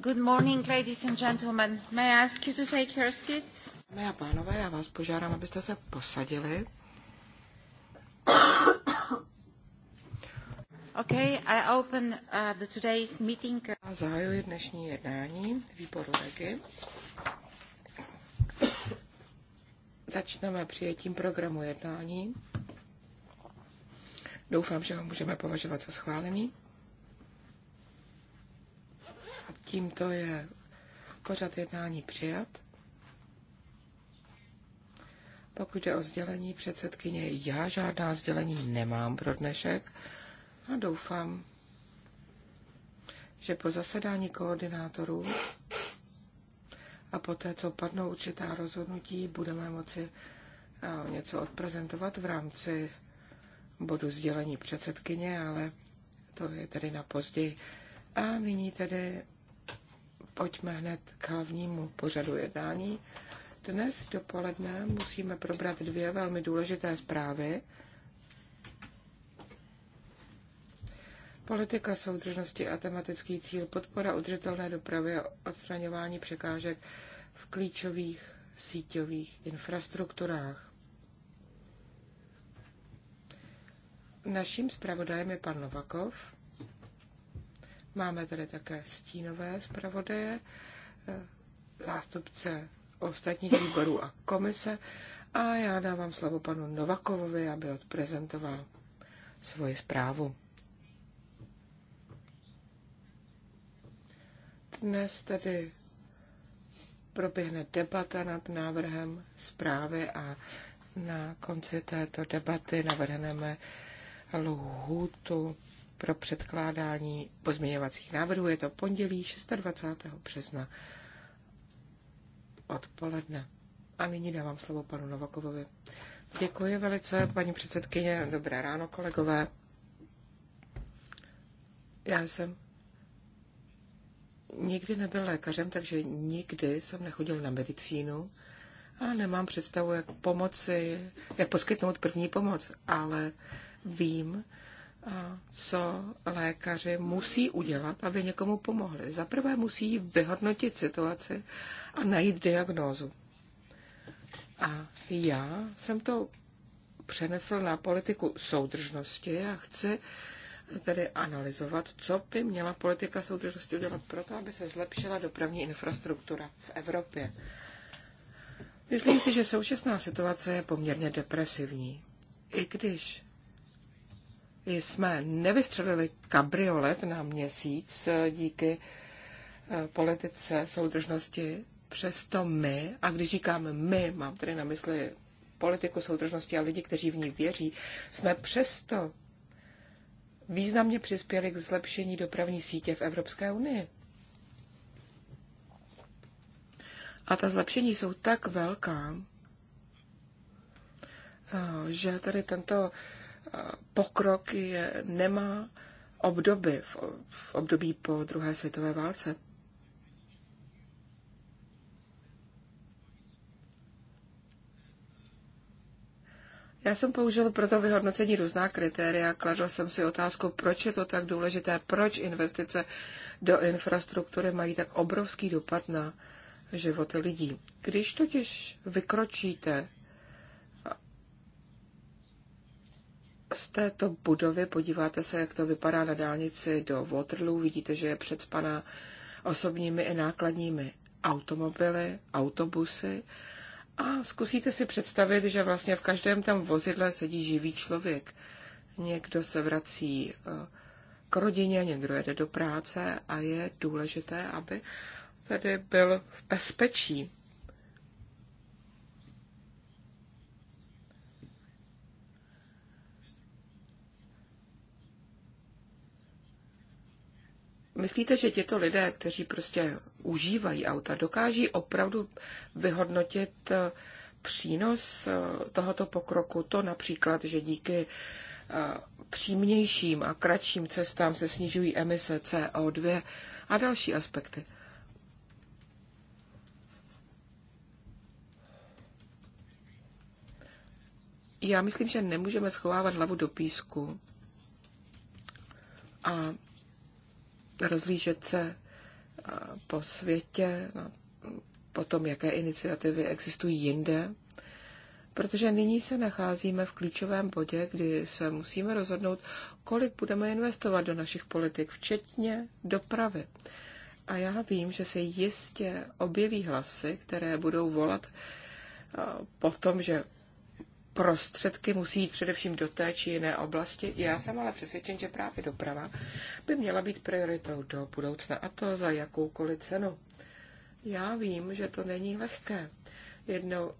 Good morning, ladies and gentlemen. May I ask you to take your seats? Dámy a pánové, já vás požádám, abyste se posadili. Okay, I open uh, the today's meeting. A zahajuji dnešní jednání výboru REGI. Začneme přijetím programu jednání. Doufám, že ho můžeme považovat za schválený. Tímto je pořad jednání přijat. Pokud je o sdělení předsedkyně, já žádná sdělení nemám pro dnešek a doufám, že po zasedání koordinátorů a poté, co padnou určitá rozhodnutí, budeme moci eh, něco odprezentovat v rámci bodu sdělení předsedkyně, ale to je tedy na později. A nyní tedy pojďme hned k hlavnímu pořadu jednání. Dnes dopoledne musíme probrat dvě velmi důležité zprávy. Politika soudržnosti a tematický cíl podpora udržitelné dopravy a odstraňování překážek v klíčových síťových infrastrukturách. Naším zpravodajem je pan Novakov. Máme tady také stínové zpravodaje, eh, zástupce ostatních výborů a komise a já dávám slovo panu Novakovovi, aby odprezentoval svoji zprávu. Dnes tedy proběhne debata nad návrhem zprávy a na konci této debaty navrhneme lhůtu pro předkládání pozměňovacích návrhů. Je to pondělí 26. března odpoledne. A nyní dávám slovo panu Novakovovi. Děkuji velice, paní předsedkyně. Dobré ráno, kolegové. Já jsem nikdy nebyl lékařem, takže nikdy jsem nechodil na medicínu a nemám představu, jak pomoci, jak poskytnout první pomoc, ale vím, co lékaři musí udělat, aby někomu pomohli. Za prvé musí vyhodnotit situaci a najít diagnózu. A já jsem to přenesl na politiku soudržnosti a chci tedy analyzovat, co by měla politika soudržnosti udělat proto, aby se zlepšila dopravní infrastruktura v Evropě. Myslím si, že současná situace je poměrně depresivní. I když jsme nevystřelili kabriolet na měsíc eh, díky eh, politice soudržnosti, přesto my, a když říkám my, mám tedy na mysli politiku soudržnosti a lidi, kteří v ní věří, jsme přesto významně přispěli k zlepšení dopravní sítě v Evropské unii. A ta zlepšení jsou tak velká, eh, že tady tento pokrok je, nemá obdoby v, v období po druhé světové válce. Já jsem použil pro to vyhodnocení různá kritéria. Kladl jsem si otázku, proč je to tak důležité, proč investice do infrastruktury mají tak obrovský dopad na životy lidí. Když totiž vykročíte z této budovy, podíváte se, jak to vypadá na dálnici do Waterloo, vidíte, že je předspaná osobními i nákladními automobily, autobusy a zkusíte si představit, že vlastně v každém tam vozidle sedí živý člověk. Někdo se vrací eh, k rodině, někdo jede do práce a je důležité, aby tady byl v bezpečí. Myslíte, že těto lidé, kteří prostě užívají auta, dokáží opravdu vyhodnotit eh, přínos eh, tohoto pokroku? To například, že díky eh, přímějším a kratším cestám se snižují emise CO2 a další aspekty. Já myslím, že nemůžeme schovávat hlavu do písku a rozlížet se po světě, no, po tom, jaké iniciativy existují jinde, protože nyní se nacházíme v klíčovém bodě, kdy se musíme rozhodnout, kolik budeme investovat do našich politik, včetně dopravy. A já vím, že se jistě objeví hlasy, které budou volat po tom, že prostředky musí jít především do té či jiné oblasti. Já jsem ale přesvědčen, že právě doprava by měla být prioritou do budoucna a to za jakoukoliv cenu. Já vím, že to není lehké. Jednou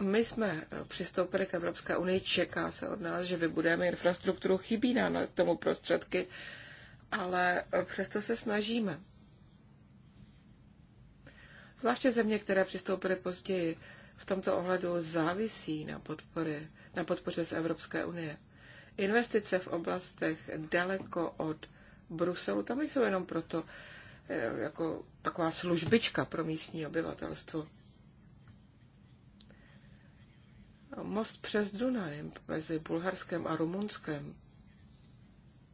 My jsme přistoupili k Evropské unii, čeká se od nás, že vybudeme infrastrukturu, chybí nám k tomu prostředky, ale přesto se snažíme. Zvláště země, které přistoupily později, v tomto ohledu závisí na, podpory, na podpoře z Evropské unie. Investice v oblastech daleko od Bruselu, tam nejsou jenom proto, eh, jako taková službička pro místní obyvatelstvo. Most přes Dunaj mezi Bulharskem a Rumunskem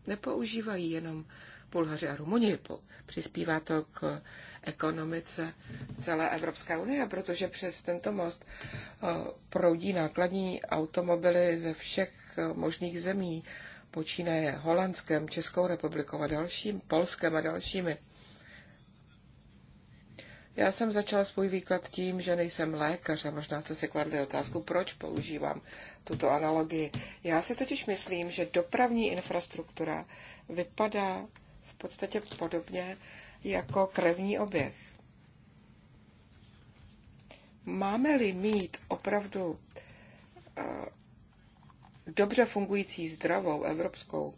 nepoužívají jenom Bulhaři a Rumuni. Přispívá to k ekonomice celé Evropské unie, protože přes tento most eh, proudí nákladní automobily ze všech eh, možných zemí, počínaje Holandskem, Českou republikou a dalším, Polskem a dalšími. Já jsem začala svůj výklad tím, že nejsem lékař a možná jste si kladli otázku, proč používám tuto analogii. Já si totiž myslím, že dopravní infrastruktura vypadá v podstatě podobně jako krevní oběh. Máme-li mít opravdu eh, dobře fungující zdravou Evropskou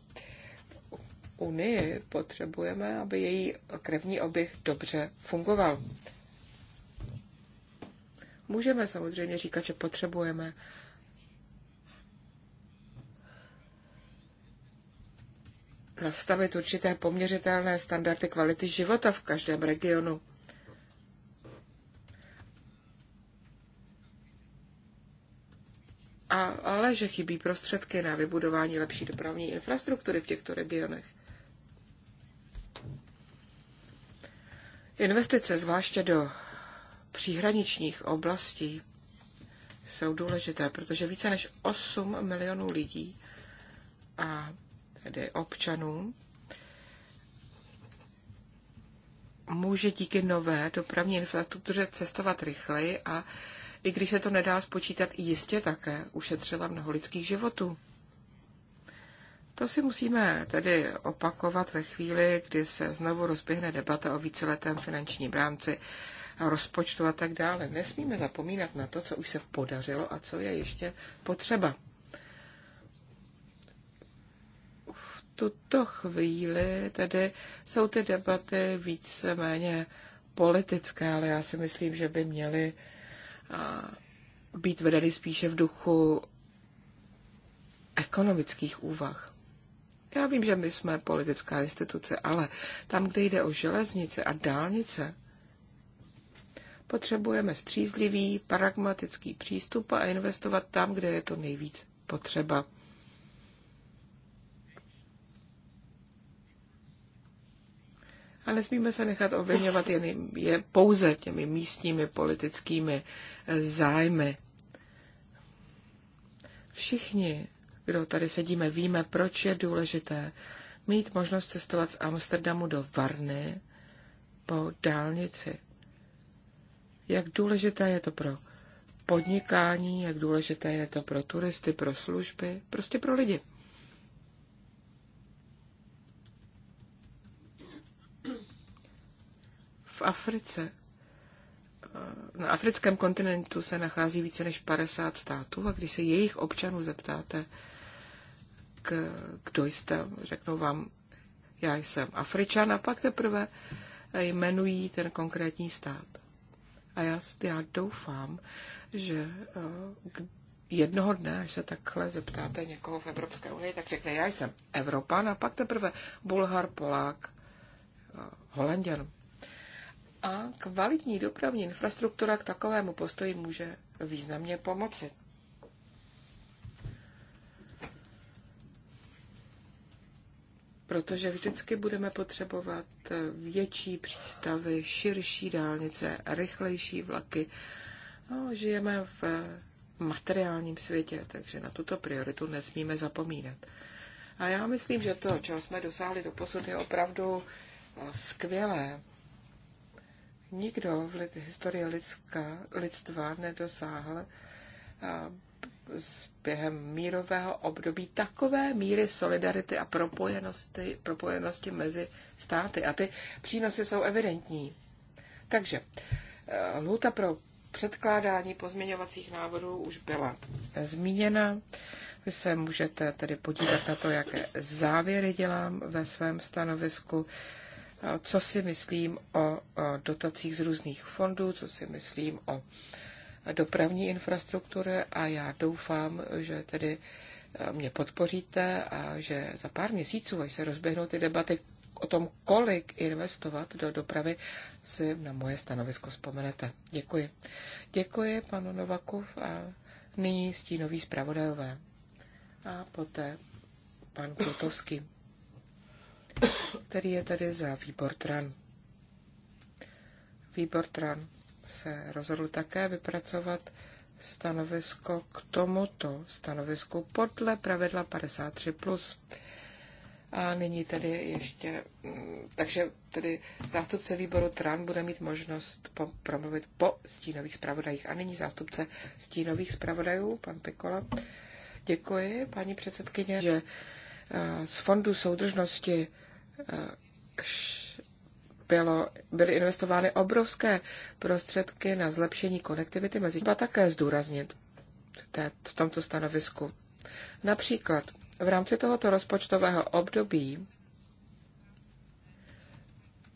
unii, potřebujeme, aby její krevní oběh dobře fungoval. Můžeme samozřejmě říkat, že potřebujeme nastavit určité poměřitelné standardy kvality života v každém regionu. A, ale že chybí prostředky na vybudování lepší dopravní infrastruktury v těchto regionech. Investice, zvláště do příhraničních oblastí, jsou důležité, protože více než 8 milionů lidí a tedy občanů, může díky nové dopravní infrastruktuře cestovat rychleji a i když se to nedá spočítat, jistě také ušetřila mnoho lidských životů. To si musíme tedy opakovat ve chvíli, kdy se znovu rozběhne debata o víceletém finančním rámci, rozpočtu a tak dále. Nesmíme zapomínat na to, co už se podařilo a co je ještě potřeba. tuto chvíli tedy jsou ty debaty víceméně politické, ale já si myslím, že by měly být vedeny spíše v duchu ekonomických úvah. Já vím, že my jsme politická instituce, ale tam, kde jde o železnice a dálnice, potřebujeme střízlivý, pragmatický přístup a investovat tam, kde je to nejvíc potřeba. A nesmíme se nechat ovlivňovat jen je pouze těmi místními politickými eh, zájmy. Všichni, kdo tady sedíme, víme, proč je důležité mít možnost cestovat z Amsterdamu do Varny po dálnici. Jak důležité je to pro podnikání, jak důležité je to pro turisty, pro služby, prostě pro lidi. V Africe, eh, na africkém kontinentu se nachází více než 50 států a když se jejich občanů zeptáte, k, kdo jste, řeknou vám, já jsem Afričan a pak teprve jmenují ten konkrétní stát. A já, já doufám, že eh, jednoho dne, až se takhle zeptáte někoho v Evropské unii, tak řekne, já jsem Evropan a pak teprve Bulhar, Polák, eh, Holanděn a kvalitní dopravní infrastruktura k takovému postoji může významně pomoci. protože vždycky budeme potřebovat větší přístavy, širší dálnice, rychlejší vlaky. No, žijeme v materiálním světě, takže na tuto prioritu nesmíme zapomínat. A já myslím, že to, čeho jsme dosáhli do posud, je opravdu skvělé nikdo v historii lidská, lidstva nedosáhl během mírového období takové míry solidarity a propojenosti, propojenosti mezi státy. A ty přínosy jsou evidentní. Takže e, lhůta pro předkládání pozměňovacích návrhů už byla zmíněna. Vy se můžete tedy podívat na to, jaké závěry dělám ve svém stanovisku co si myslím o dotacích z různých fondů, co si myslím o dopravní infrastruktuře a já doufám, že tedy eh, mě podpoříte a že za pár měsíců, až se rozběhnou ty debaty o tom, kolik investovat do dopravy, si na moje stanovisko vzpomenete. Děkuji. Děkuji panu Novaku a nyní stínový zpravodajové. A poté pan Klutovský který je tedy za výbor TRAN. Výbor TRAN se rozhodl také vypracovat stanovisko k tomuto stanovisku podle pravidla 53+. A nyní tedy ještě, mm, takže tedy zástupce výboru TRAN bude mít možnost po, promluvit po stínových zpravodajích. A nyní zástupce stínových zpravodajů, pan Pikola. Děkuji, paní předsedkyně, že eh, z Fondu soudržnosti bylo, byly investovány obrovské prostředky na zlepšení konektivity mezi třeba také zdůraznit v tomto stanovisku. Například v rámci tohoto rozpočtového období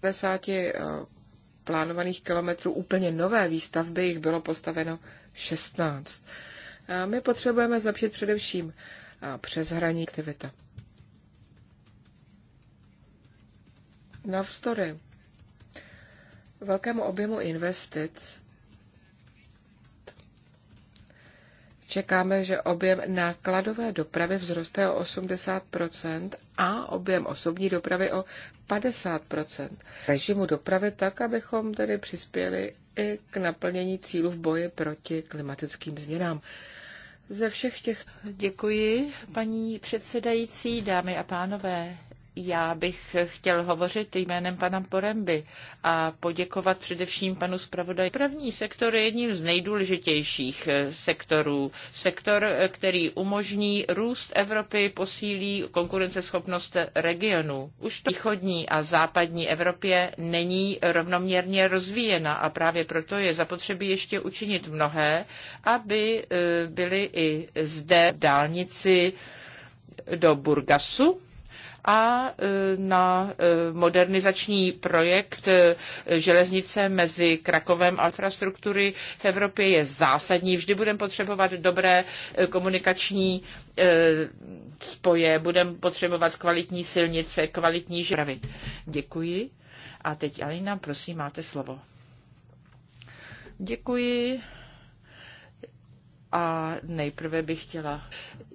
50 eh, plánovaných kilometrů úplně nové výstavby jich bylo postaveno 16. My potřebujeme zlepšit především eh, přeshraniční aktivita. Navzdory velkému objemu investic čekáme, že objem nákladové dopravy vzroste o 80 a objem osobní dopravy o 50 režimu dopravy tak, abychom tedy přispěli i k naplnění cílu v boji proti klimatickým změnám. Ze všech těch... Děkuji, paní předsedající, dámy a pánové. Já bych chtěl hovořit jménem pana Poremby a poděkovat především panu zpravodaji. První sektor je jedním z nejdůležitějších eh, sektorů. Sektor, eh, který umožní růst Evropy, posílí konkurenceschopnost regionu. Už to východní a západní Evropě není rovnoměrně rozvíjena a právě proto je zapotřebí ještě učinit mnohé, aby eh, byly i zde dálnici do Burgasu, a e, na e, modernizační projekt e, železnice mezi Krakovem a infrastruktury v Evropě je zásadní. Vždy budeme potřebovat dobré komunikační spoje, budeme potřebovat kvalitní silnice, kvalitní žravy. Děkuji. A teď Alina, prosím, máte slovo. Děkuji. A nejprve bych chtěla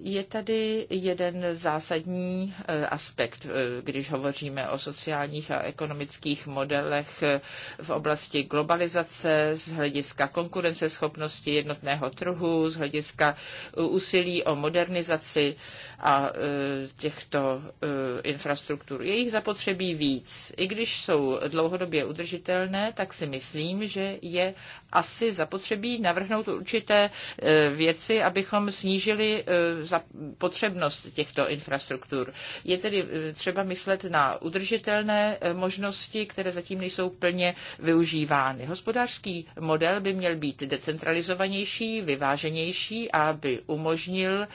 je tady jeden zásadní eh, aspekt, eh, když hovoříme o sociálních a ekonomických modelech eh, v oblasti globalizace, z hlediska konkurenceschopnosti jednotného trhu, z hlediska úsilí o modernizaci a těchto infrastruktur. Je jich zapotřebí víc. I když jsou dlouhodobě udržitelné, tak si myslím, že je asi zapotřebí navrhnout určité věci, abychom snížili za potřebnost těchto infrastruktur. Je tedy eh, třeba myslet na udržitelné eh, možnosti, které zatím nejsou plně využívány. Hospodářský model by měl být decentralizovanější, vyváženější, aby umožnil eh,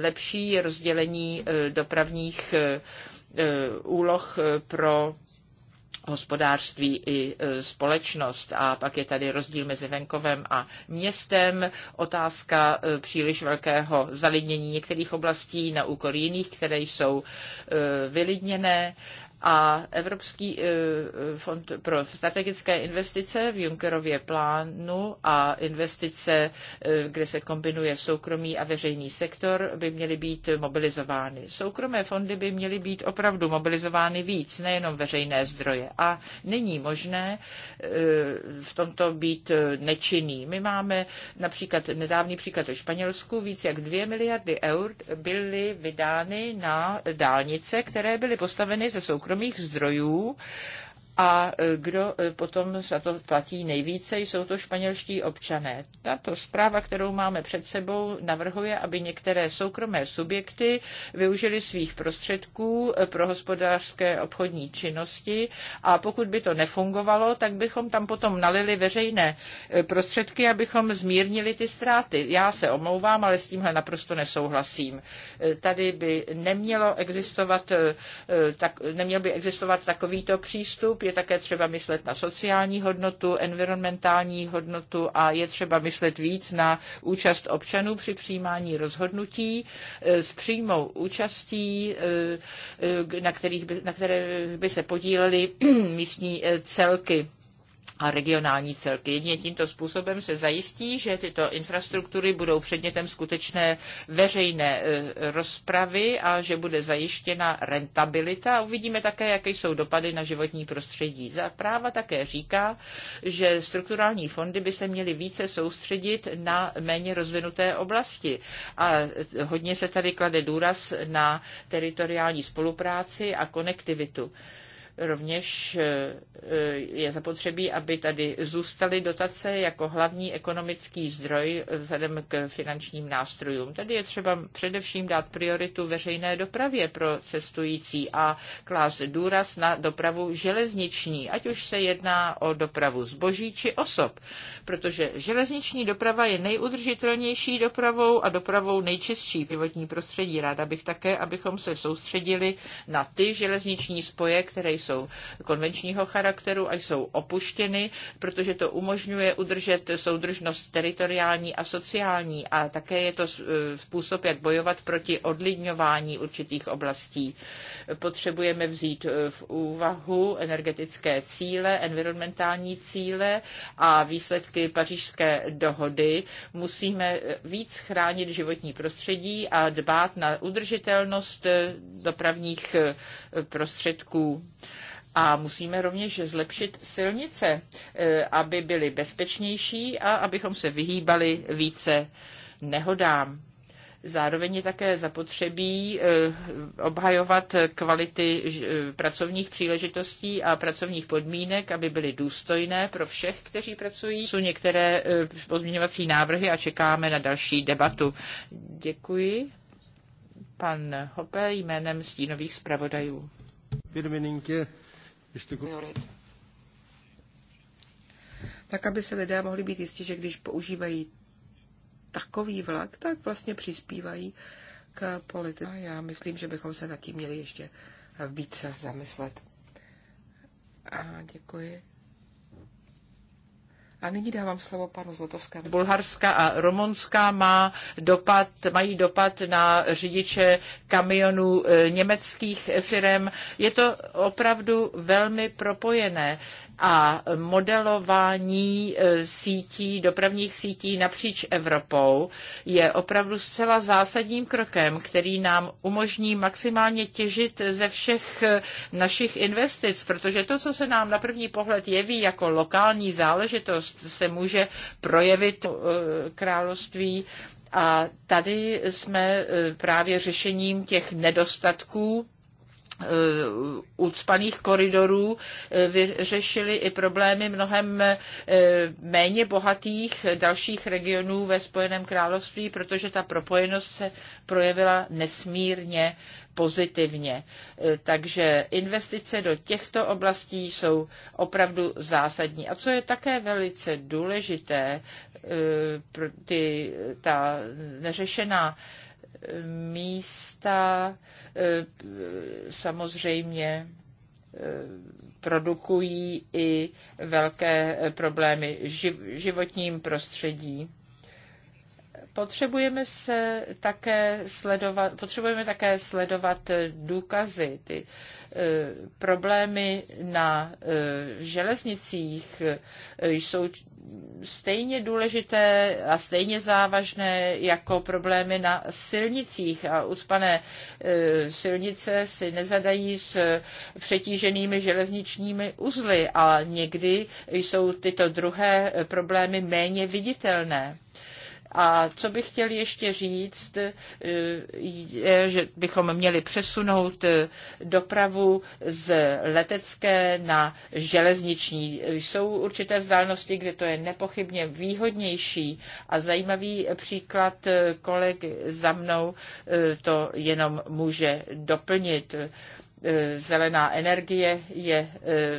lepší rozdělení dopravních úloh pro hospodářství i e, společnost. A pak je tady rozdíl mezi venkovem a městem, otázka e, příliš velkého zalidnění některých oblastí na úkor jiných, které jsou e, vylidněné a Evropský eh, fond pro strategické investice v Junckerově plánu a investice, eh, kde se kombinuje soukromý a veřejný sektor, by měly být mobilizovány. Soukromé fondy by měly být opravdu mobilizovány víc, nejenom veřejné zdroje. A není možné eh, v tomto být nečinný. My máme například nedávný příklad ve Španělsku, víc jak 2 miliardy eur byly vydány na dálnice, které byly postaveny ze soukromých soukromých zdrojů a e, kdo e, potom za to platí nejvíce, jsou to španělští občané. Tato zpráva, kterou máme před sebou, navrhuje, aby některé soukromé subjekty využili svých prostředků e, pro hospodářské obchodní činnosti a pokud by to nefungovalo, tak bychom tam potom nalili veřejné prostředky, abychom zmírnili ty ztráty. Já se omlouvám, ale s tímhle naprosto nesouhlasím. Tady by nemělo existovat, tak, neměl by existovat takovýto přístup, je také třeba myslet na sociální hodnotu, environmentální hodnotu a je třeba myslet víc na účast občanů při přijímání rozhodnutí e, s přímou účastí, e, e, na, kterých by, na které by se podílely místní celky a regionální celky. Jedině tímto způsobem se zajistí, že tyto infrastruktury budou předmětem skutečné veřejné e, rozpravy a že bude zajištěna rentabilita. Uvidíme také, jaké jsou dopady na životní prostředí. Za práva také říká, že strukturální fondy by se měly více soustředit na méně rozvinuté oblasti. A hodně se tady klade důraz na teritoriální spolupráci a konektivitu. Rovněž eh, eh, je zapotřebí, aby tady zůstaly dotace jako hlavní ekonomický zdroj vzhledem k finančním nástrojům. Tady je třeba především dát prioritu veřejné dopravě pro cestující a klást důraz na dopravu železniční, ať už se jedná o dopravu zboží či osob, protože železniční doprava je nejudržitelnější dopravou a dopravou nejčistší životní prostředí. Ráda bych také, abychom se soustředili na ty železniční spoje, které jsou jsou konvenčního charakteru a jsou opuštěny, protože to umožňuje udržet soudržnost teritoriální a sociální a také je to e, způsob, jak bojovat proti odlidňování určitých oblastí. Potřebujeme vzít e, v úvahu energetické cíle, environmentální cíle a výsledky pařížské dohody. Musíme víc chránit životní prostředí a dbát na udržitelnost e, dopravních prostředků a musíme rovněž zlepšit silnice, eh, aby byly bezpečnější a abychom se vyhýbali více nehodám. Zároveň je také zapotřebí eh, obhajovat kvality eh, pracovních příležitostí a pracovních podmínek, aby byly důstojné pro všech, kteří pracují. Jsou některé pozměňovací návrhy a čekáme na další debatu. Děkuji. Pan Hope jménem stínových zpravodajů. Pirmininkė, tak, aby se lidé mohli být jistí, že když používají takový vlak, tak vlastně přispívají k politice. Já myslím, že bychom se nad tím měli ještě více zamyslet. A děkuji. A nyní dávám slovo panu Zlotovskému. Bulharská a Romunská má dopad, mají dopad na řidiče kamionů e, německých firm. Je to opravdu velmi propojené a modelování e, sítí, dopravních sítí napříč Evropou je opravdu zcela zásadním krokem, který nám umožní maximálně těžit ze všech e, našich investic, protože to, co se nám na první pohled jeví jako lokální záležitost, se může projevit e, království a tady jsme právě řešením těch nedostatků Eh, ucpaných koridorů eh, vyřešili i problémy mnohem eh, méně bohatých dalších regionů ve Spojeném království, protože ta propojenost se projevila nesmírně pozitivně. Takže investice do těchto oblastí jsou opravdu zásadní. A co je také velice důležité, ty, ta neřešená místa eh, samozřejmě eh, produkují i velké eh, problémy v životním prostředí. Potřebujeme se také sledovat, potřebujeme také sledovat důkazy, ty e, problémy na e, železnicích e, jsou stejně důležité a stejně závažné jako problémy na silnicích a ucpané silnice si nezadají s přetíženými železničními uzly a někdy jsou tyto druhé problémy méně viditelné. A co bych chtěl ještě říct, eh, je, že bychom měli přesunout eh, dopravu z letecké na železniční. Jsou určité vzdálenosti, kde to je nepochybně výhodnější a zajímavý příklad eh, koleg za mnou to jenom může doplnit zelená energie je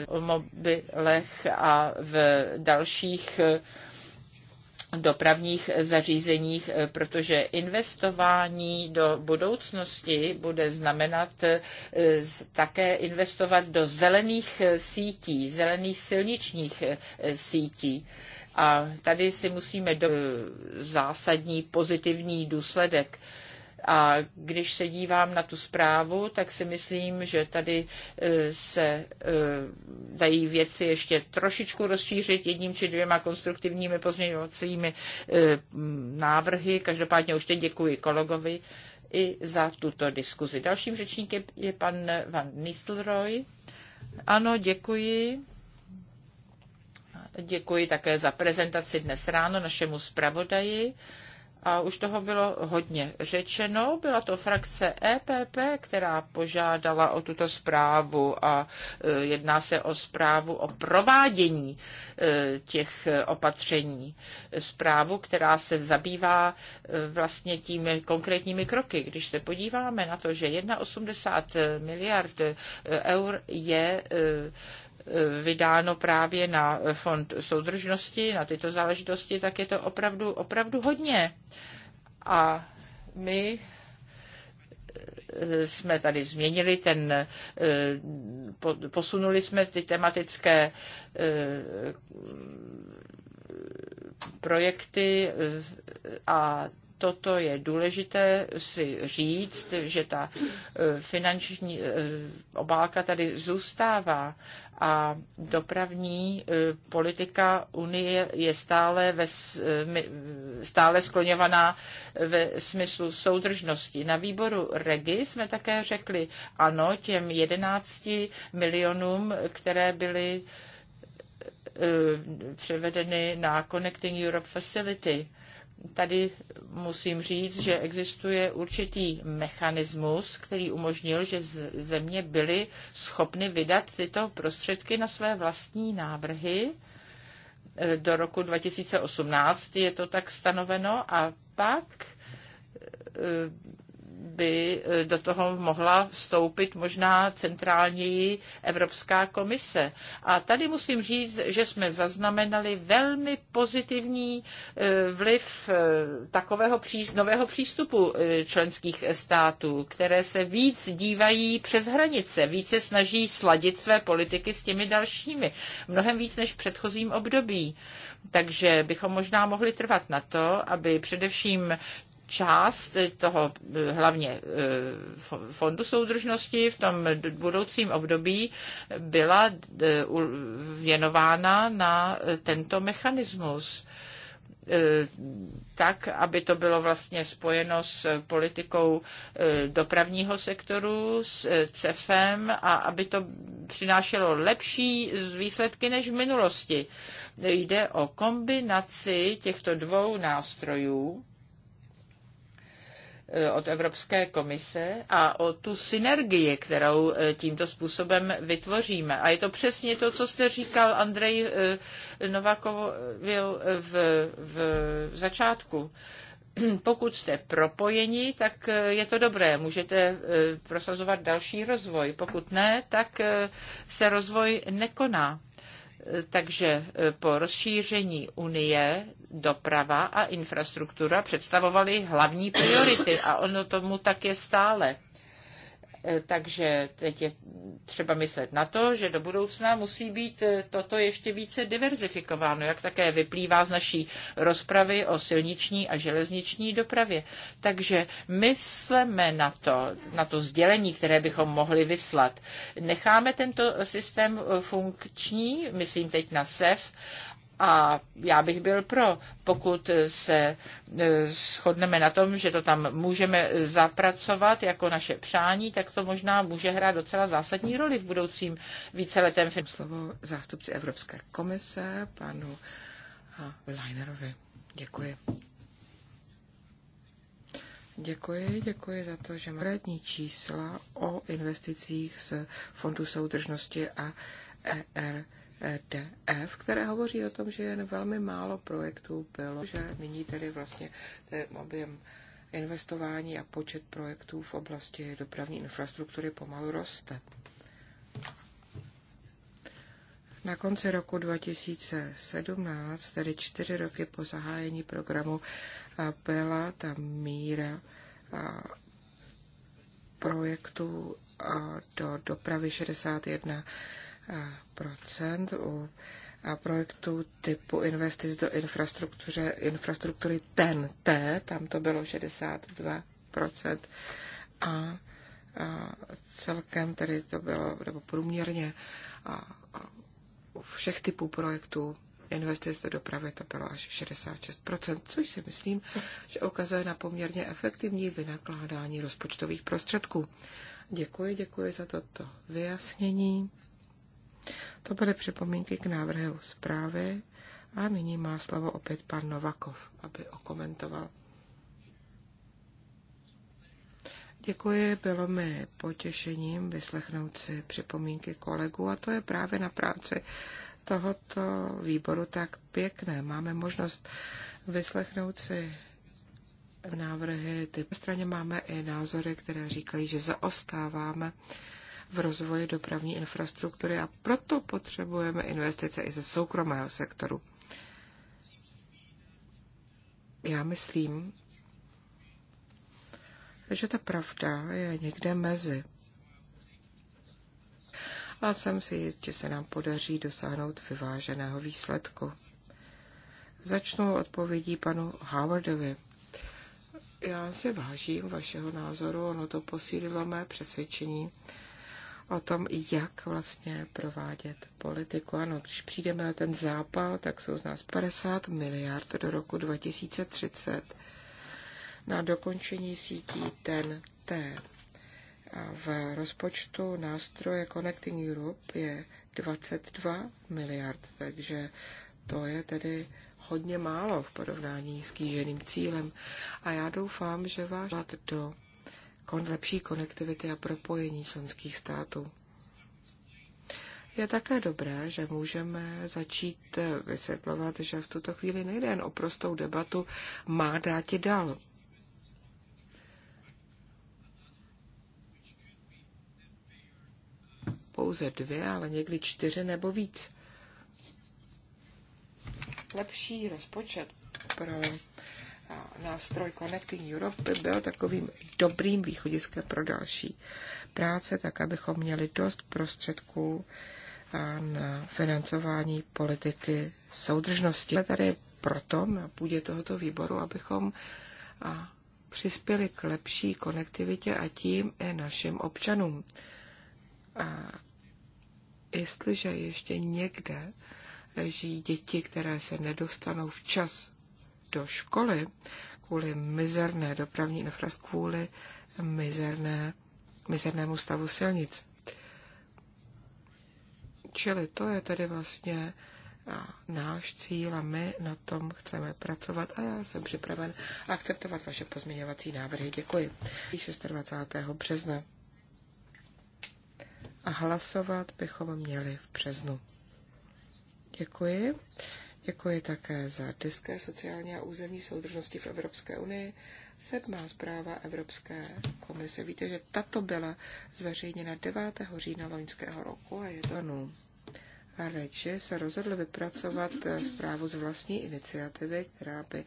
v mobilech a v dalších dopravních zařízeních, eh, protože investování do budoucnosti bude znamenat eh, také investovat do zelených eh, sítí, zelených silničních sítí. A tady si musíme do zásadní pozitivní důsledek a když se dívám na tu zprávu, tak si myslím, že tady e, se e, dají věci ještě trošičku rozšířit jedním či dvěma konstruktivními pozměňovacími e, návrhy. Každopádně už teď děkuji kolegovi i za tuto diskuzi. Dalším řečníkem je pan Van Nistelrooy. Ano, děkuji. Děkuji také za prezentaci dnes ráno našemu zpravodaji a už toho bylo hodně řečeno. Byla to frakce EPP, která požádala o tuto zprávu a e, jedná se o zprávu o provádění e, těch opatření. Zprávu, která se zabývá e, vlastně těmi konkrétními kroky. Když se podíváme na to, že 1,80 miliard eur je vydáno právě na fond soudržnosti, na tyto záležitosti, tak je to opravdu, opravdu hodně. A my e, jsme tady změnili ten, e, posunuli jsme ty tematické e, projekty a toto je důležité si říct, že ta eh, finanční eh, obálka tady zůstává a dopravní eh, politika Unie je stále, ve, stále skloněvaná ve smyslu soudržnosti. Na výboru REGI jsme také řekli ano těm 11 milionům, které byly převedeny na Connecting Europe Facility tady musím říct, že existuje určitý mechanismus, který umožnil, že země byly schopny vydat tyto prostředky na své vlastní návrhy e, do roku 2018. Je to tak stanoveno a pak e, by eh, do toho mohla vstoupit možná centrální Evropská komise. A tady musím říct, že jsme zaznamenali velmi pozitivní eh, vliv eh, takového nového přístupu členských států, které se víc dívají přes hranice, více snaží sladit své politiky s těmi dalšími, mnohem víc než v předchozím období. Takže bychom možná mohli trvat na to, aby především část toho eh, hlavně eh, fondu soudržnosti v tom budoucím období byla eh, věnována na tento mechanismus tak, aby to bylo vlastně spojeno s politikou dopravního sektoru, s CEFem a aby to přinášelo lepší výsledky než v minulosti. Jde o kombinaci těchto dvou nástrojů, Eh, od Evropské komise a o tu synergii, kterou eh, tímto způsobem vytvoříme. A je to přesně to, co jste říkal Andrej eh, Novakovi v, v začátku pokud jste propojeni, tak je to dobré, můžete prosazovat další rozvoj. Pokud ne, tak se rozvoj nekoná. Takže po rozšíření Unie doprava a infrastruktura představovaly hlavní priority a ono tomu tak je stále. E, takže teď je třeba myslet na to, že do budoucna musí být e, toto ještě více diverzifikováno, jak také vyplývá z naší rozpravy o silniční a železniční dopravě. Takže mysleme na to, na to sdělení, které bychom mohli vyslat. Necháme tento systém e, funkční, myslím teď na SEF, a já bych byl pro, pokud se e, shodneme na tom, že to tam můžeme zapracovat jako naše přání, tak to možná může hrát docela zásadní roli v budoucím víceletém filmu. Slovo zástupci Evropské komise, panu e, Leinerovi. Děkuji. Děkuji, děkuji za to, že konkrétní čísla o investicích z Fondu soudržnosti a ER E DF, které hovoří o tom, že jen velmi málo projektů bylo, že nyní tedy vlastně ten objem investování a počet projektů v oblasti dopravní infrastruktury pomalu roste. Na konci roku 2017, tedy čtyři roky po zahájení programu, byla ta míra projektů do dopravy 61 procent u projektů typu investic do infrastruktury, infrastruktury TNT, tam to bylo 62 a celkem tedy to bylo, nebo průměrně a u všech typů projektů investic do dopravy to bylo až 66%, což si myslím, že ukazuje na poměrně efektivní vynakládání rozpočtových prostředků. Děkuji, děkuji za toto vyjasnění. To byly připomínky k návrhu zprávy a nyní má slovo opět pan Novakov, aby okomentoval. Děkuji, bylo mi potěšením vyslechnout si připomínky kolegů a to je právě na práci tohoto výboru tak pěkné. Máme možnost vyslechnout si návrhy. Ty straně máme i názory, které říkají, že zaostáváme v rozvoji dopravní infrastruktury a proto potřebujeme investice i ze soukromého sektoru. Já myslím, že ta pravda je někde mezi. A jsem si jist, že se nám podaří dosáhnout vyváženého výsledku. Začnu odpovědí panu Howardovi. Já si vážím vašeho názoru, ono to posílilo mé přesvědčení, o tom, jak vlastně provádět politiku. Ano, když přijdeme na ten zápal, tak jsou z nás 50 miliard do roku 2030 na dokončení sítí TEN-T. V rozpočtu nástroje Connecting Europe je 22 miliard, takže to je tedy hodně málo v porovnání s kýženým cílem. A já doufám, že vás do kon, lepší konektivity a propojení členských států. Je také dobré, že můžeme začít vysvětlovat, že v tuto chvíli nejde jen o prostou debatu má dáti dal. Pouze dvě, ale někdy čtyři nebo víc. Lepší rozpočet pro nástroj Connecting Europe by byl takovým dobrým východiskem pro další práce, tak abychom měli dost prostředků na financování politiky soudržnosti. Jsme tady proto na půdě tohoto výboru, abychom přispěli k lepší konektivitě a tím i našim občanům. A jestliže ještě někde žijí děti, které se nedostanou včas do školy kvůli mizerné dopravní infrastruktury, kvůli mizerné, mizernému stavu silnic. Čili to je tedy vlastně náš cíl a my na tom chceme pracovat a já jsem připraven akceptovat vaše pozměňovací návrhy. Děkuji. 26. března. A hlasovat bychom měli v březnu. Děkuji. Děkuji také za diské sociální a územní soudržnosti v Evropské unii. Sedmá zpráva Evropské komise. Víte, že tato byla zveřejněna 9. října loňského roku a je to nů. A Reči se rozhodl vypracovat eh, zprávu z vlastní iniciativy, která by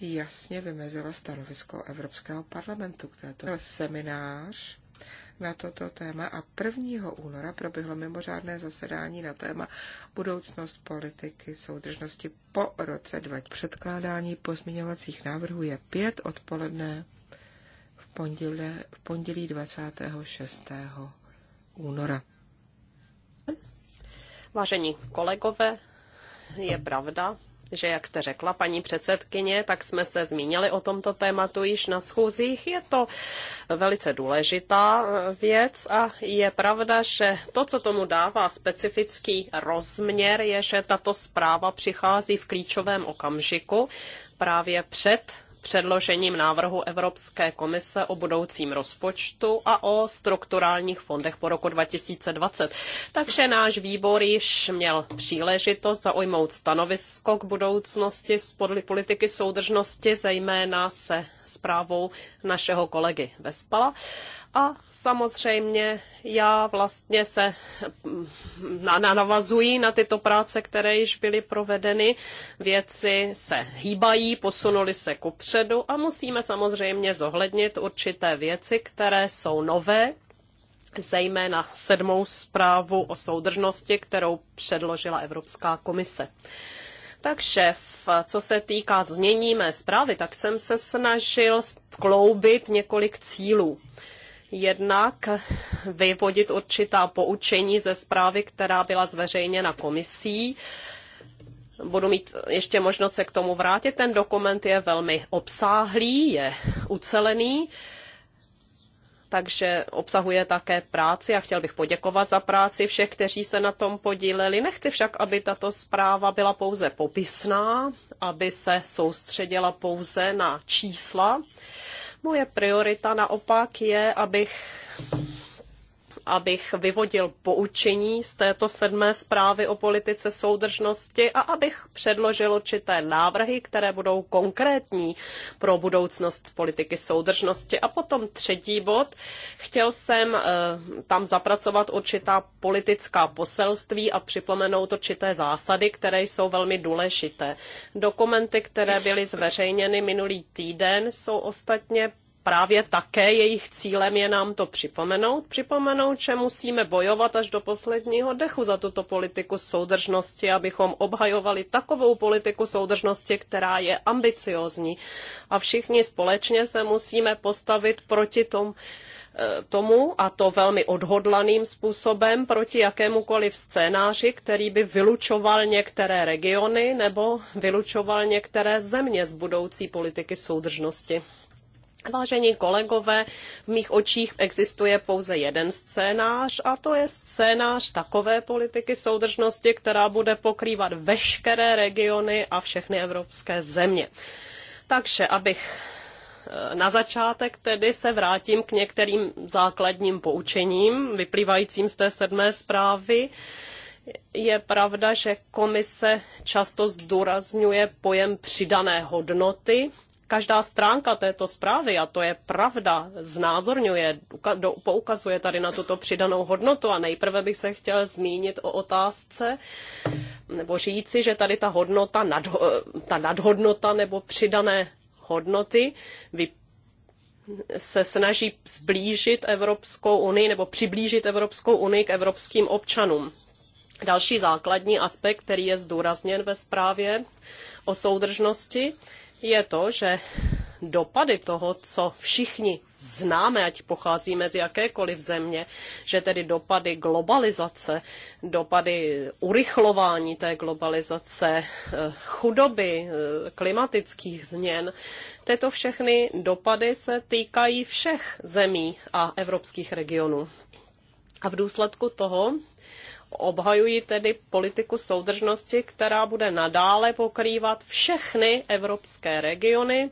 jasně vymezila stanovisko Evropského parlamentu k této byl seminář na toto téma a 1. února proběhlo mimořádné zasedání na téma budoucnost politiky soudržnosti po roce 20. Předkládání pozměňovacích návrhů je pět odpoledne v pondělí, v pondělí 26. února. Vážení kolegové, je pravda, že, jak jste řekla, paní předsedkyně, tak jsme se zmínili o tomto tématu již na schůzích. Je to velice důležitá e, věc a je pravda, že to, co tomu dává specifický rozměr, je, že tato zpráva přichází v klíčovém okamžiku právě před předložením návrhu Evropské komise o budoucím rozpočtu a o strukturálních fondech po roku 2020. Takže náš výbor již měl příležitost zaujmout stanovisko k budoucnosti spodly politiky soudržnosti, zejména se zprávou našeho kolegy Vespala. A samozřejmě já vlastně se hm, navazuji na tyto práce, které již byly provedeny. Věci se hýbají, posunuli se kupředu a musíme samozřejmě zohlednit určité věci, které jsou nové, zejména sedmou zprávu o soudržnosti, kterou předložila Evropská komise. Tak šéf, co se týká změní mé zprávy, tak jsem se snažil skloubit několik cílů. Jednak vyvodit určitá poučení ze zprávy, která byla zveřejněna komisí, budu mít ještě možnost se k tomu vrátit. Ten dokument je velmi obsáhlý, je ucelený takže obsahuje také práci a chtěl bych poděkovat za práci všech, kteří se na tom podíleli. Nechci však, aby tato zpráva byla pouze popisná, aby se soustředila pouze na čísla. Moje priorita naopak je, abych abych vyvodil poučení z této sedmé zprávy o politice soudržnosti a abych předložil určité návrhy, které budou konkrétní pro budoucnost politiky soudržnosti. A potom třetí bod. Chtěl jsem eh, tam zapracovat určitá politická poselství a připomenout určité zásady, které jsou velmi důležité. Dokumenty, které byly zveřejněny minulý týden, jsou ostatně právě také jejich cílem je nám to připomenout, připomenout, že musíme bojovat až do posledního dechu za tuto politiku soudržnosti, abychom obhajovali takovou politiku soudržnosti, která je ambiciozní. A všichni společně se musíme postavit proti tomu, e, tomu, a to velmi odhodlaným způsobem, proti jakémukoliv scénáři, který by vylučoval některé regiony nebo vylučoval některé země z budoucí politiky soudržnosti. Vážení kolegové, v mých očích existuje pouze jeden scénář a to je scénář takové politiky soudržnosti, která bude pokrývat veškeré regiony a všechny evropské země. Takže abych eh, na začátek tedy se vrátím k některým základním poučením vyplývajícím z té sedmé zprávy. Je pravda, že komise často zdůrazňuje pojem přidané hodnoty každá stránka této zprávy, a to je pravda, znázorňuje, poukazuje tady na tuto přidanou hodnotu. A nejprve bych se chtěl zmínit o otázce, nebo říci, že tady ta hodnota, nad, eh, ta nadhodnota nebo přidané hodnoty se snaží zblížit Evropskou unii nebo přiblížit Evropskou unii k evropským občanům. Další základní aspekt, který je zdůrazněn ve zprávě o soudržnosti, je to, že dopady toho, co všichni známe, ať pocházíme z jakékoliv země, že tedy dopady globalizace, dopady urychlování té globalizace, eh, chudoby, eh, klimatických změn, tyto všechny dopady se týkají všech zemí a evropských regionů. A v důsledku toho Obhajuji tedy politiku soudržnosti, která bude nadále pokrývat všechny evropské regiony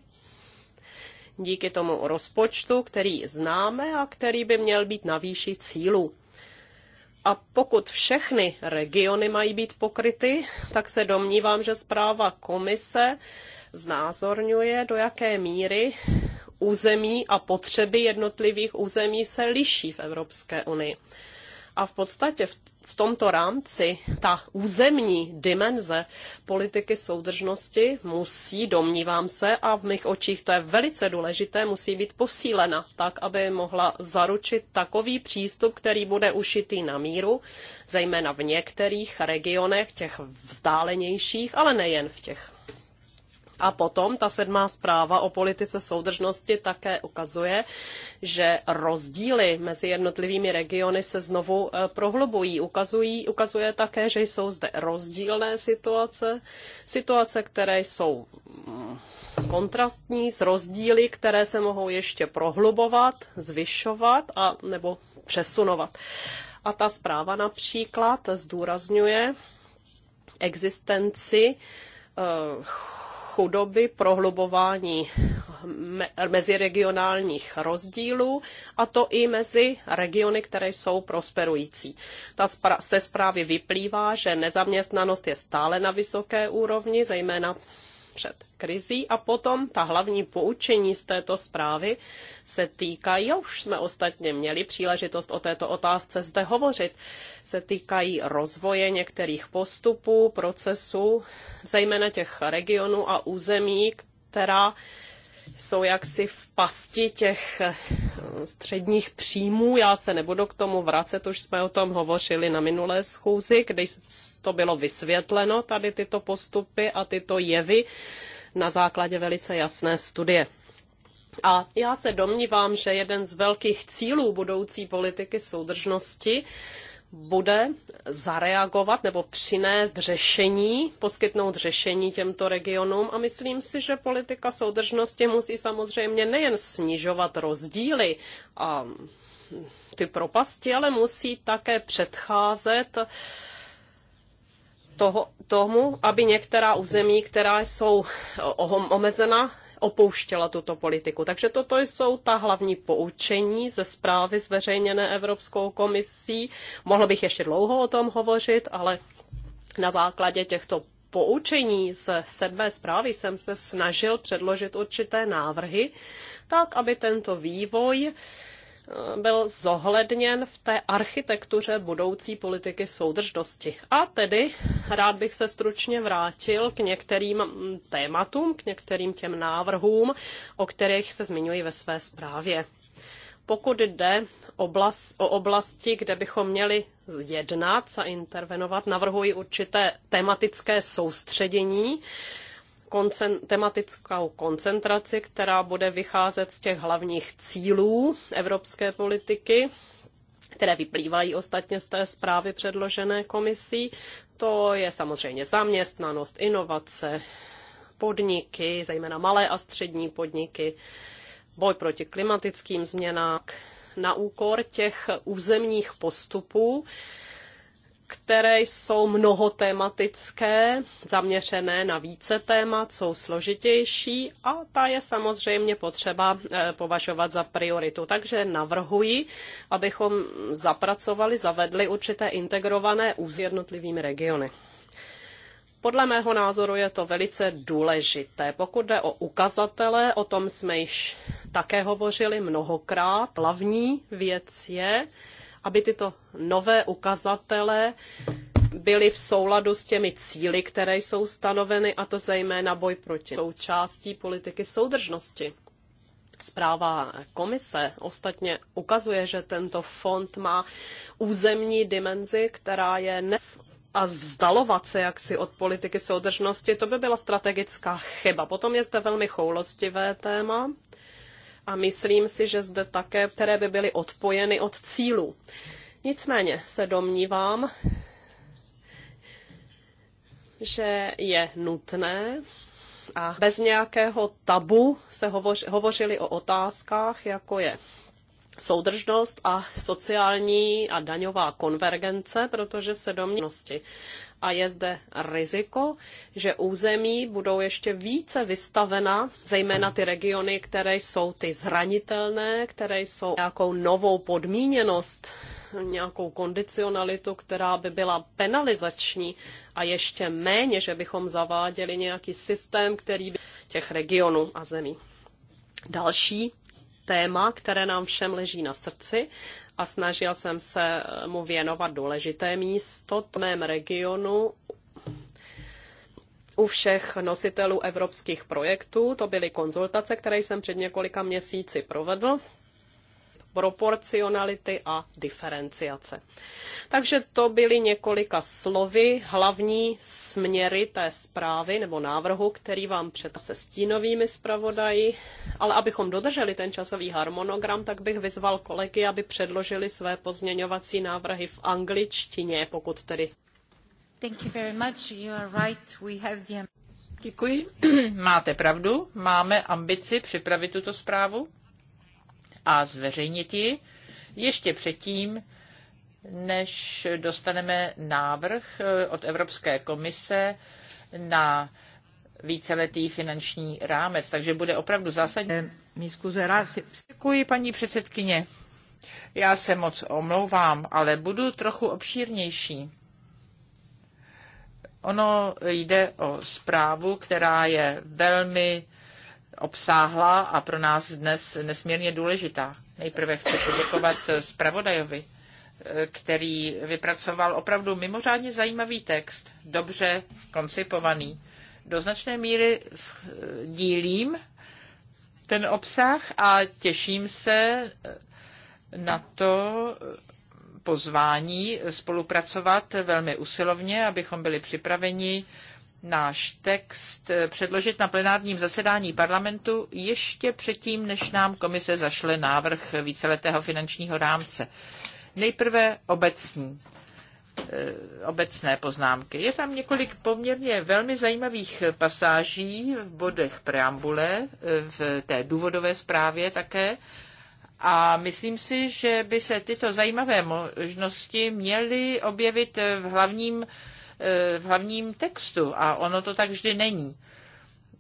díky tomu rozpočtu, který známe a který by měl být na výši cílů. A pokud všechny regiony mají být pokryty, tak se domnívám, že zpráva komise znázorňuje, do jaké míry území a potřeby jednotlivých území se liší v Evropské unii. A v podstatě v v tomto rámci ta územní dimenze politiky soudržnosti musí, domnívám se, a v mých očích to je velice důležité, musí být posílena tak, aby mohla zaručit takový přístup, který bude ušitý na míru, zejména v některých regionech, těch vzdálenějších, ale nejen v těch a potom ta sedmá zpráva o politice soudržnosti také ukazuje, že rozdíly mezi jednotlivými regiony se znovu e, prohlubují. Ukazují, ukazuje také, že jsou zde rozdílné situace, situace, které jsou mm, kontrastní s rozdíly, které se mohou ještě prohlubovat, zvyšovat a nebo přesunovat. A ta zpráva například zdůrazňuje existenci e, chudoby, prohlubování meziregionálních rozdílů, a to i mezi regiony, které jsou prosperující. Ta se zprávy vyplývá, že nezaměstnanost je stále na vysoké úrovni, zejména před krizí. A potom ta hlavní poučení z této zprávy se týkají, a už jsme ostatně měli příležitost o této otázce zde hovořit, se týkají rozvoje některých postupů, procesů, zejména těch regionů a území, která jsou jaksi v pasti těch eh, středních příjmů. Já se nebudu k tomu vracet, už jsme o tom hovořili na minulé schůzi, když to bylo vysvětleno, tady tyto postupy a tyto jevy na základě velice jasné studie. A já se domnívám, že jeden z velkých cílů budoucí politiky soudržnosti bude zareagovat nebo přinést řešení, poskytnout řešení těmto regionům a myslím si, že politika soudržnosti musí samozřejmě nejen snižovat rozdíly a ty propasti, ale musí také předcházet toho, tomu, aby některá území, která jsou omezena opouštěla tuto politiku. Takže toto jsou ta hlavní poučení ze zprávy zveřejněné Evropskou komisí. Mohl bych ještě dlouho o tom hovořit, ale na základě těchto poučení z sedmé zprávy jsem se snažil předložit určité návrhy, tak aby tento vývoj byl zohledněn v té architektuře budoucí politiky soudržnosti. A tedy rád bych se stručně vrátil k některým tématům, k některým těm návrhům, o kterých se zmiňuji ve své zprávě. Pokud jde oblast, o oblasti, kde bychom měli jednat, zaintervenovat, navrhuji určité tematické soustředění, koncen- tematickou koncentraci, která bude vycházet z těch hlavních cílů evropské politiky, které vyplývají ostatně z té zprávy předložené komisí. To je samozřejmě zaměstnanost, inovace, podniky, zejména malé a střední podniky, boj proti klimatickým změnám na úkor těch územních postupů, které jsou mnohotématické, zaměřené na více témat, jsou složitější a ta je samozřejmě potřeba eh, považovat za prioritu. Takže navrhuji, abychom zapracovali, zavedli určité integrované území jednotlivými regiony. Podle mého názoru je to velice důležité. Pokud jde o ukazatele, o tom jsme již také hovořili mnohokrát. Hlavní věc je, aby tyto nové ukazatele byly v souladu s těmi cíly, které jsou stanoveny, a to zejména boj proti součástí politiky soudržnosti. Zpráva komise ostatně ukazuje, že tento fond má územní dimenzi, která je ne a vzdalovat se jaksi od politiky soudržnosti, to by byla strategická chyba. Potom je zde velmi choulostivé téma, a myslím si, že zde také, které by byly odpojeny od cílů. Nicméně se domnívám, že je nutné a bez nějakého tabu se hovoř, hovořili o otázkách, jako je soudržnost a sociální a daňová konvergence, protože se domnívám, a je zde riziko, že území budou ještě více vystavena, zejména ty regiony, které jsou ty zranitelné, které jsou nějakou novou podmíněnost, nějakou kondicionalitu, která by byla penalizační a ještě méně, že bychom zaváděli nějaký systém, který by těch regionů a zemí. Další téma, které nám všem leží na srdci, a snažil jsem se eh, mu věnovat důležité místo v mém regionu u všech nositelů evropských projektů. To byly konzultace, které jsem před několika měsíci provedl proporcionality a diferenciace. Takže to byly několika slovy hlavní směry té zprávy nebo návrhu, který vám před se stínovými zpravodaji, ale abychom dodrželi ten časový harmonogram, tak bych vyzval kolegy, aby předložili své pozměňovací návrhy v angličtině, pokud tedy. Thank you very much. You are right. We have the... Děkuji. Máte pravdu. Máme ambici připravit tuto zprávu a zveřejnit ji ještě předtím, než dostaneme návrh eh, od Evropské komise na víceletý finanční rámec, takže bude opravdu zásadní. Eh, Děkuji, paní předsedkyně. Já se moc omlouvám, ale budu trochu obšírnější. Ono jde o zprávu, která je velmi obsáhla a pro nás dnes nesmírně důležitá. Nejprve chci poděkovat zpravodajovi, který vypracoval opravdu mimořádně zajímavý text, dobře koncipovaný. Do značné míry dílím ten obsah a těším se na to pozvání spolupracovat velmi usilovně, abychom byli připraveni náš text eh, předložit na plenárním zasedání parlamentu ještě předtím, než nám komise zašle návrh víceletého finančního rámce. Nejprve obecní eh, obecné poznámky. Je tam několik poměrně velmi zajímavých pasáží v bodech preambule, eh, v té důvodové zprávě také. A myslím si, že by se tyto zajímavé možnosti měly objevit v hlavním v hlavním textu a ono to tak vždy není.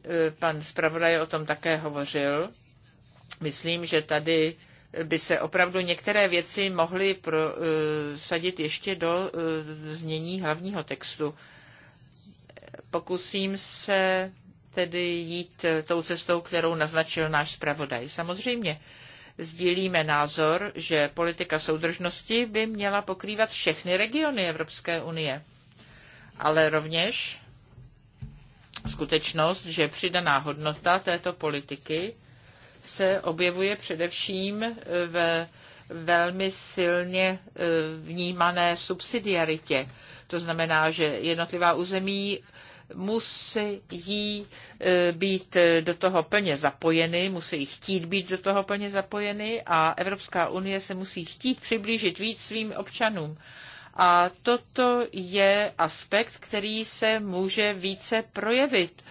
E, pan zpravodaj o tom také hovořil. Myslím, že tady by se opravdu některé věci mohly prosadit e, ještě do e, znění hlavního textu. Pokusím se tedy jít tou cestou, kterou naznačil náš zpravodaj. Samozřejmě sdílíme názor, že politika soudržnosti by měla pokrývat všechny regiony Evropské unie ale rovněž skutečnost, že přidaná hodnota této politiky se objevuje především ve velmi silně e, vnímané subsidiaritě. To znamená, že jednotlivá území musí jí e, být do toho plně zapojeny, musí chtít být do toho plně zapojeny a Evropská unie se musí chtít přiblížit víc svým občanům. A toto je aspekt, který se může více projevit e,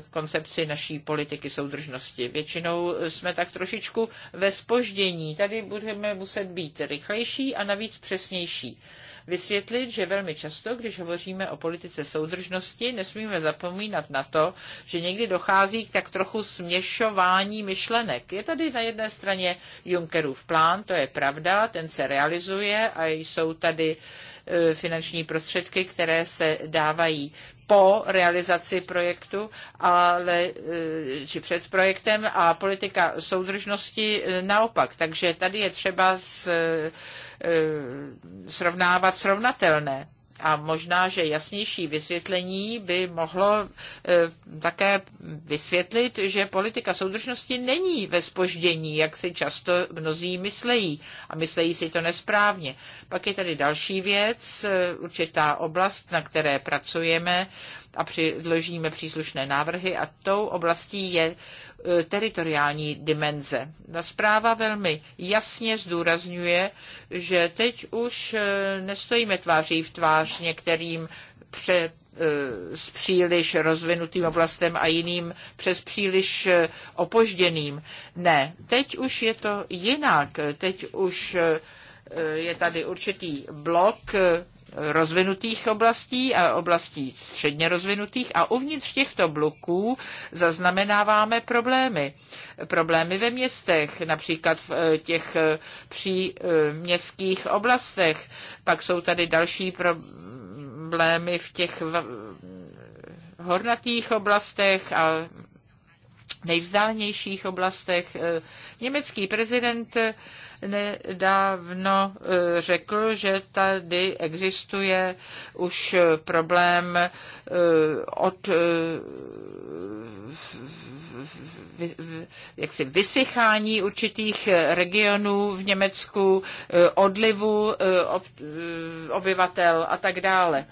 v koncepci naší politiky soudržnosti. Většinou jsme tak trošičku ve spoždění. Tady budeme muset být rychlejší a navíc přesnější vysvětlit, že velmi často, když hovoříme o politice soudržnosti, nesmíme zapomínat na to, že někdy dochází k tak trochu směšování myšlenek. Je tady na jedné straně Junckerův plán, to je pravda, ten se realizuje a jsou tady e, finanční prostředky, které se dávají po realizaci projektu, ale, e, či před projektem a politika soudržnosti e, naopak. Takže tady je třeba s Eh, srovnávat srovnatelné. A možná, že jasnější vysvětlení by mohlo eh, také vysvětlit, že politika soudržnosti není ve spoždění, jak si často mnozí myslejí. A myslejí si to nesprávně. Pak je tady další věc, eh, určitá oblast, na které pracujeme a předložíme příslušné návrhy. A tou oblastí je Eh, teritoriální dimenze. Ta zpráva velmi jasně zdůrazňuje, že teď už eh, nestojíme tváří v tvář některým před eh, s příliš rozvinutým oblastem a jiným přes příliš opožděným. Ne, teď už je to jinak. Teď už je tady určitý blok rozvinutých oblastí a oblastí středně rozvinutých a uvnitř těchto bloků zaznamenáváme problémy. Problémy ve městech, například v eh, těch eh, příměstských eh, oblastech. Pak jsou tady další problémy v těch hornatých oblastech a nejvzdálenějších oblastech. Eh, německý prezident eh, nedávno eh, řekl, že tady existuje už problém od jaksi vysychání určitých regionů v Německu, odlivu obyvatel a tak dále.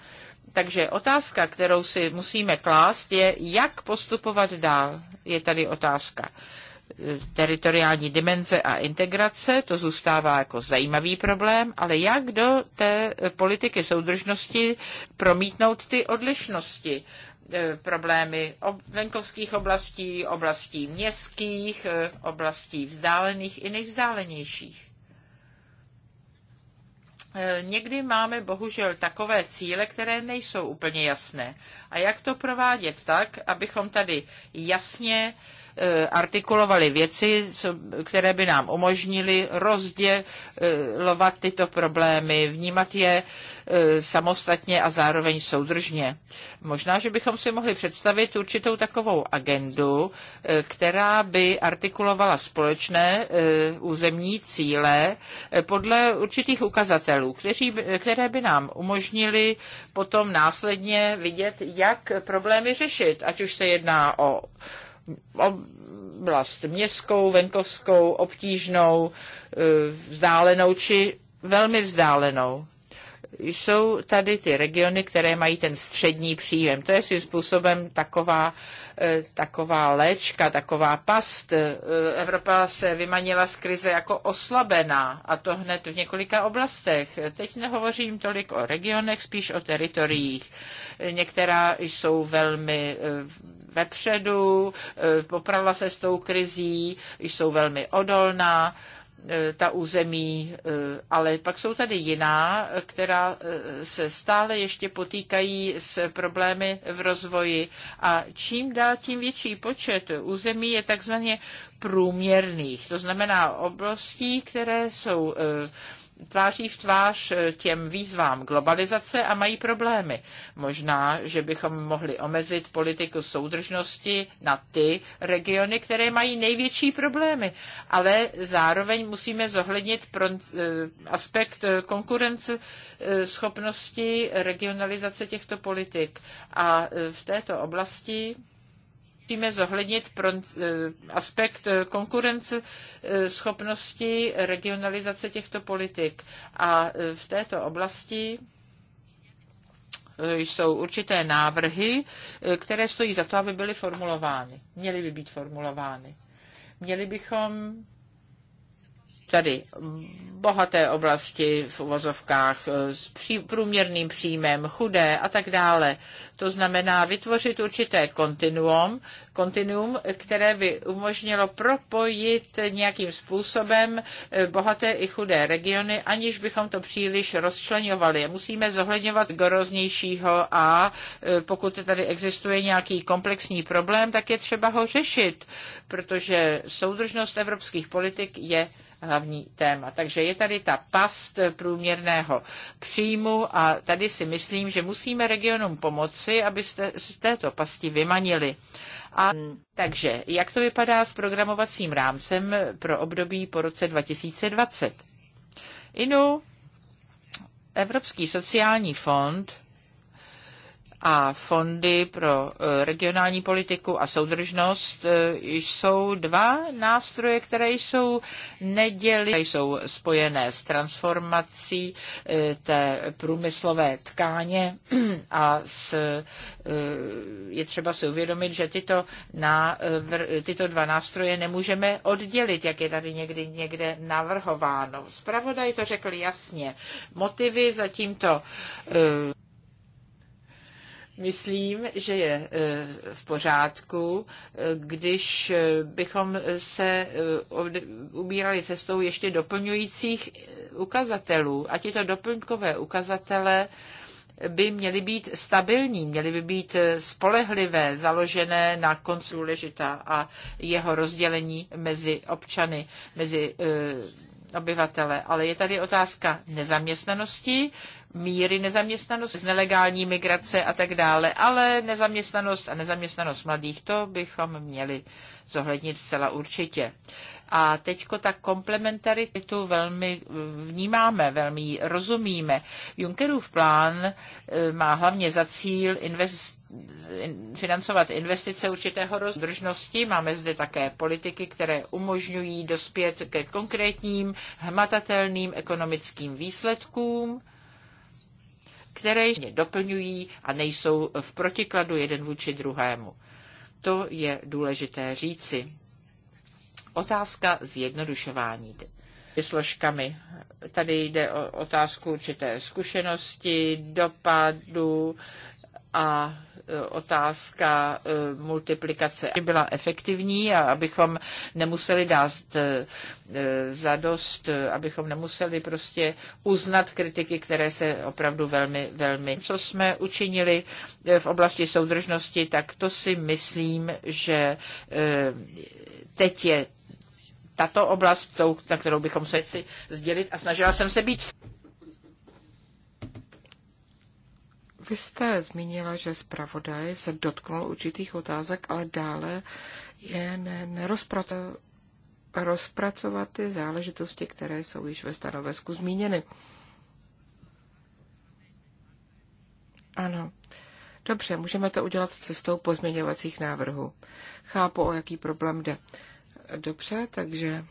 Takže otázka, kterou si musíme klást, je, jak postupovat dál. Je tady otázka eh, teritoriální dimenze a integrace, to zůstává jako zajímavý problém, ale jak do té eh, politiky soudržnosti promítnout ty odlišnosti? Eh, problémy venkovských oblastí, oblastí městských, oblastí vzdálených i nejvzdálenějších. Eh, někdy máme bohužel takové cíle, které nejsou úplně jasné. A jak to provádět tak, abychom tady jasně eh, artikulovali věci, které by nám umožnily rozdělovat tyto problémy, vnímat je E, samostatně a zároveň soudržně. Možná, že bychom si mohli představit určitou takovou agendu, e, která by artikulovala společné e, územní cíle podle určitých ukazatelů, které by nám umožnili potom následně vidět, jak problémy řešit, ať už se jedná o oblast městskou, venkovskou, obtížnou, vzdálenou či velmi vzdálenou jsou tady ty regiony, které mají ten střední příjem. To je svým způsobem taková, eh, taková léčka, taková past. Eh, Evropa se vymanila z krize jako oslabená a to hned v několika oblastech. Teď nehovořím tolik o regionech, spíš o teritoriích. Některá jsou velmi eh, vepředu, poprala se s tou krizí, jsou velmi odolná E, ta území, e, ale pak jsou tady jiná, která e, se stále ještě potýkají s problémy v rozvoji a čím dál tím větší počet území je takzvaně průměrných, to znamená oblastí, které jsou tváří v tvář eh, těm výzvám globalizace a mají problémy. Možná, že bychom mohli omezit politiku soudržnosti na ty regiony, které mají největší problémy, ale zároveň musíme zohlednit eh, aspekt eh, konkurence schopnosti regionalizace těchto politik. A v této oblasti musíme zohlednit eh, aspekt eh, konkurence eh, schopnosti regionalizace těchto politik. A v této oblasti jsou určité návrhy, které stojí za to, aby byly formulovány. Měly by být formulovány. Měli bychom tady bohaté oblasti v uvozovkách eh, s pří, průměrným příjmem, chudé a tak dále. To znamená vytvořit určité kontinuum, kontinuum, které by umožnilo propojit nějakým způsobem eh, bohaté i chudé regiony, aniž bychom to příliš rozčlenovali. Musíme zohledňovat goroznějšího a eh, pokud tady existuje nějaký komplexní problém, tak je třeba ho řešit, protože soudržnost evropských politik je hlavní téma. Takže je tady ta past průměrného příjmu a tady si myslím, že musíme regionům pomoci, abyste z této pasti vymanili. A hmm. takže, jak to vypadá s programovacím rámcem pro období po roce 2020? Inu, Evropský sociální fond a fondy pro e, regionální politiku a soudržnost e, jsou dva nástroje, které jsou neděli, jsou spojené s transformací e, té průmyslové tkáně a s, je třeba si uvědomit, že tyto, na, tyto dva nástroje nemůžeme oddělit, jak je tady někdy někde navrhováno. Zpravodaj to řekl jasně. Motivy za tímto Myslím, že je e, v pořádku, e, když e, bychom se ubírali cestou ještě doplňujících ukazatelů. A tyto doplňkové ukazatele by měly být stabilní, měly by být spolehlivé, založené na konci důležitá a jeho rozdělení mezi občany, mezi obyvatele. Ale je tady otázka nezaměstnanosti, míry nezaměstnanosti, z nelegální migrace a tak dále, ale nezaměstnanost a nezaměstnanost mladých, to bychom měli zohlednit zcela určitě. A teďko ta komplementaritu velmi eh, vnímáme, velmi rozumíme. Junckerův plán eh, má hlavně za cíl invest, financovat investice určitého rozdržnosti. Máme zde také politiky, které umožňují dospět ke konkrétním, hmatatelným ekonomickým výsledkům které ještě doplňují a nejsou v protikladu jeden vůči druhému. To je důležité říci. Otázka zjednodušování složkami. Tady jde o otázku určité zkušenosti, dopadu a otázka eh, multiplikace byla efektivní a abychom nemuseli dát eh, eh, dost, abychom nemuseli prostě uznat kritiky, které se opravdu velmi, velmi. Co jsme učinili v oblasti soudržnosti, tak to si myslím, že teď je tato oblast, na kterou bychom se chci sdělit a snažila jsem se být. Vy jste zmínila, že zpravodaj se dotknul určitých otázek, ale dále je ne, nerozpracovat rozpracovat ty záležitosti, které jsou již ve stanovisku zmíněny. Ano. Dobře, můžeme to udělat cestou pozměňovacích návrhů. Chápu, o jaký problém jde. Dobře, takže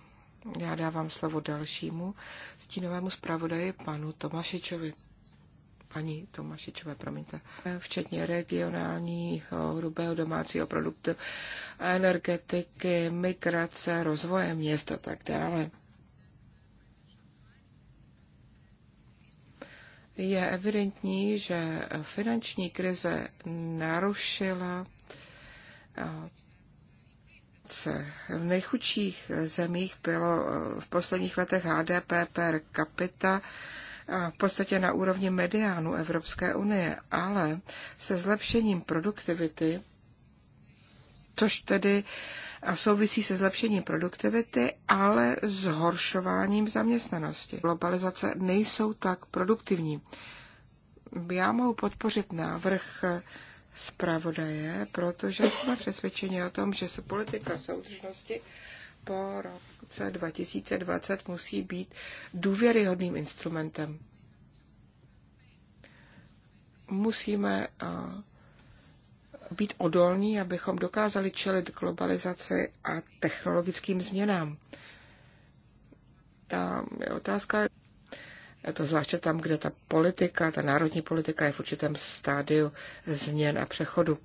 já dávám slovo dalšímu stínovému zpravodaji panu Tomašičovi paní Tomašičové, promiňte, včetně regionálního eh, hrubého domácího produktu, energetiky, migrace, rozvoje měst a tak dále. Je evidentní, že finanční krize narušila eh, V nejchudších zemích bylo eh, v posledních letech HDP per capita v podstatě na úrovni mediánu Evropské unie, ale se zlepšením produktivity, což tedy souvisí se zlepšením produktivity, ale zhoršováním zaměstnanosti. Globalizace nejsou tak produktivní. Já mohu podpořit návrh zpravodaje, protože jsme přesvědčeni o tom, že se politika soudržnosti po roku roce 2020 musí být důvěryhodným instrumentem. Musíme být odolní, abychom dokázali čelit globalizaci a technologickým změnám. A je otázka, je to zvláště tam, kde ta politika, ta národní politika je v určitém stádiu změn a přechodu.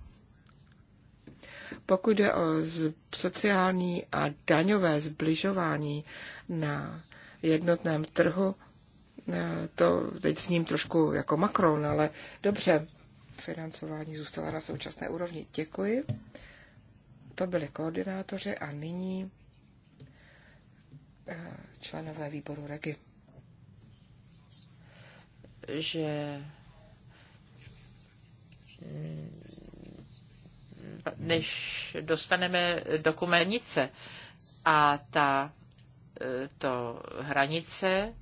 Pokud jde o sociální a daňové zbližování na jednotném trhu, eh, to teď s ním trošku jako Macron, ale dobře, financování zůstalo na současné úrovni. Děkuji. To byli koordinátoři a nyní eh, členové výboru REGI. Že než dostaneme do Kumenice. A ta e, to hranice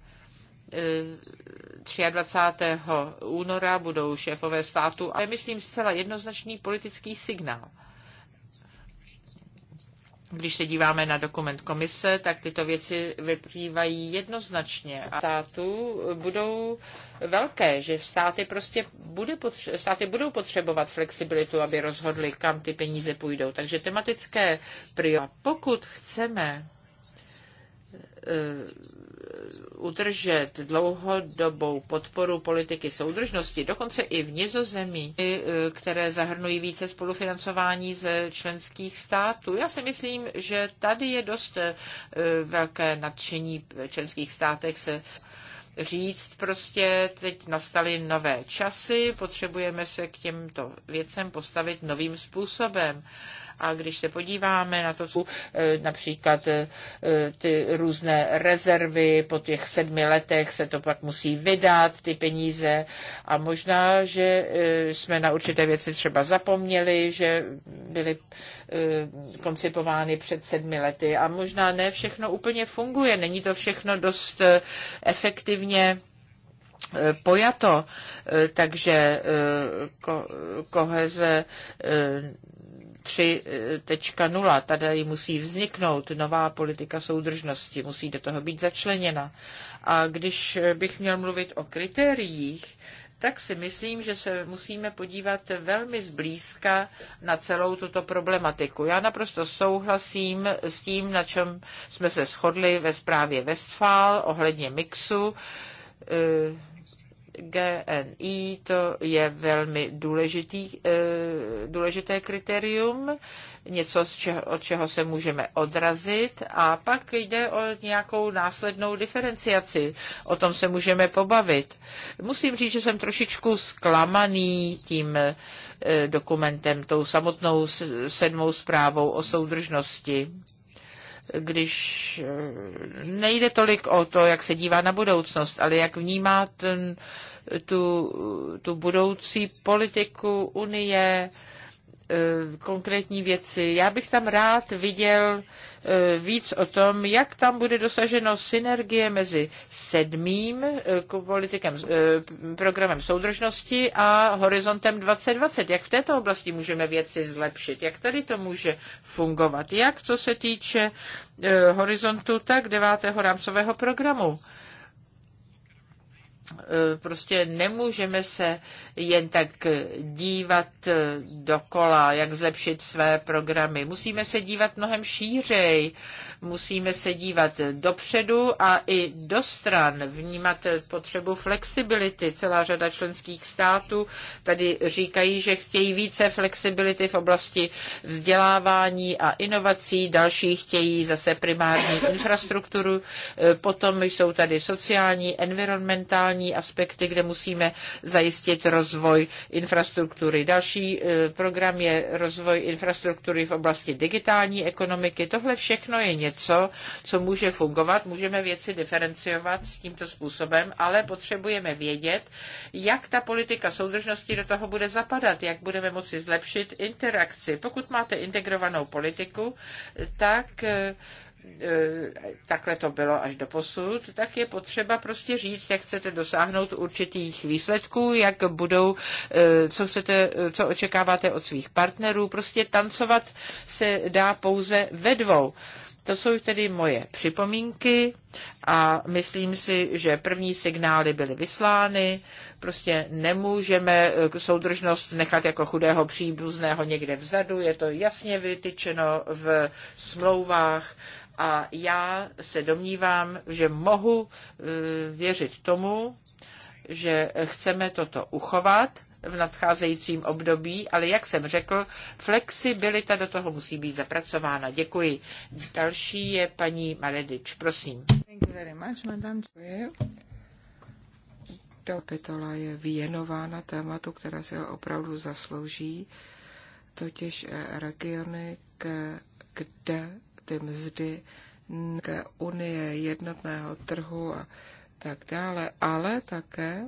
23. E, února budou šéfové státu a je, myslím, zcela jednoznačný politický signál. Když se díváme na dokument komise, tak tyto věci vyplývají jednoznačně a států budou velké, že státy prostě bude potře- státy budou potřebovat flexibilitu, aby rozhodli, kam ty peníze půjdou. Takže tematické priority. Pokud chceme eh, udržet dlouhodobou podporu politiky soudržnosti, dokonce i v nizozemí, eh, které zahrnují více spolufinancování ze členských států. Já si myslím, že tady je dost eh, velké nadšení v členských státech se říct prostě, teď nastaly nové časy, potřebujeme se k těmto věcem postavit novým způsobem. A když se podíváme na to, co eh, například eh, ty různé rezervy, po těch sedmi letech se to pak musí vydat, ty peníze. A možná, že eh, jsme na určité věci třeba zapomněli, že byly koncipovány před sedmi lety. A možná ne všechno úplně funguje, není to všechno dost efektivně pojato, takže koheze 3.0. Tady musí vzniknout nová politika soudržnosti, musí do toho být začleněna. A když bych měl mluvit o kritériích, tak si myslím, že se musíme podívat velmi zblízka na celou tuto problematiku. Já naprosto souhlasím s tím, na čem jsme se shodli ve zprávě Westfál ohledně mixu eh, GNI, to je velmi důležitý, eh, důležité kritérium, něco, z čeho, od čeho se můžeme odrazit a pak jde o nějakou následnou diferenciaci. O tom se můžeme pobavit. Musím říct, že jsem trošičku zklamaný tím eh, dokumentem, tou samotnou sedmou zprávou o soudržnosti když eh, nejde tolik o to, jak se dívá na budoucnost, ale jak vnímá ten, tu, tu budoucí politiku Unie, Eh, konkrétní věci. Já bych tam rád viděl eh, víc o tom, jak tam bude dosaženo synergie mezi sedmým eh, politikem, programem soudržnosti a horizontem 2020. Jak v této oblasti můžeme věci zlepšit? Jak tady to může fungovat? Jak co se týče horizontu, tak devátého rámcového programu? E, prostě nemůžeme se jen tak dívat e, dokola, jak zlepšit své programy. Musíme se dívat mnohem šířej Musíme se dívat dopředu a i do stran, vnímat potřebu flexibility. Celá řada členských států tady říkají, že chtějí více flexibility v oblasti vzdělávání a inovací, další chtějí zase primární infrastrukturu, potom jsou tady sociální, environmentální aspekty, kde musíme zajistit rozvoj infrastruktury. Další e, program je rozvoj infrastruktury v oblasti digitální ekonomiky. Tohle všechno je něco, něco, co může fungovat, můžeme věci diferenciovat s tímto způsobem, ale potřebujeme vědět, jak ta politika soudržnosti do toho bude zapadat, jak budeme moci zlepšit interakci. Pokud máte integrovanou politiku, tak eh, eh, takhle to bylo až do posud, tak je potřeba prostě říct, jak chcete dosáhnout určitých výsledků, jak budou, eh, co chcete, co očekáváte od svých partnerů. Prostě tancovat se dá pouze ve dvou. To jsou tedy moje připomínky a myslím si, že první signály byly vyslány. Prostě nemůžeme eh, soudržnost nechat jako chudého příbuzného někde vzadu. Je to jasně vytyčeno v smlouvách a já se domnívám, že mohu eh, věřit tomu, že chceme toto uchovat v nadcházejícím období, ale jak jsem řekl, flexibilita do toho musí být zapracována. Děkuji. Další je paní Maledič, prosím. Kapitola je věnována tématu, které se opravdu zaslouží, totiž eh, regiony, kde ty mzdy k unie jednotného trhu a tak dále, ale také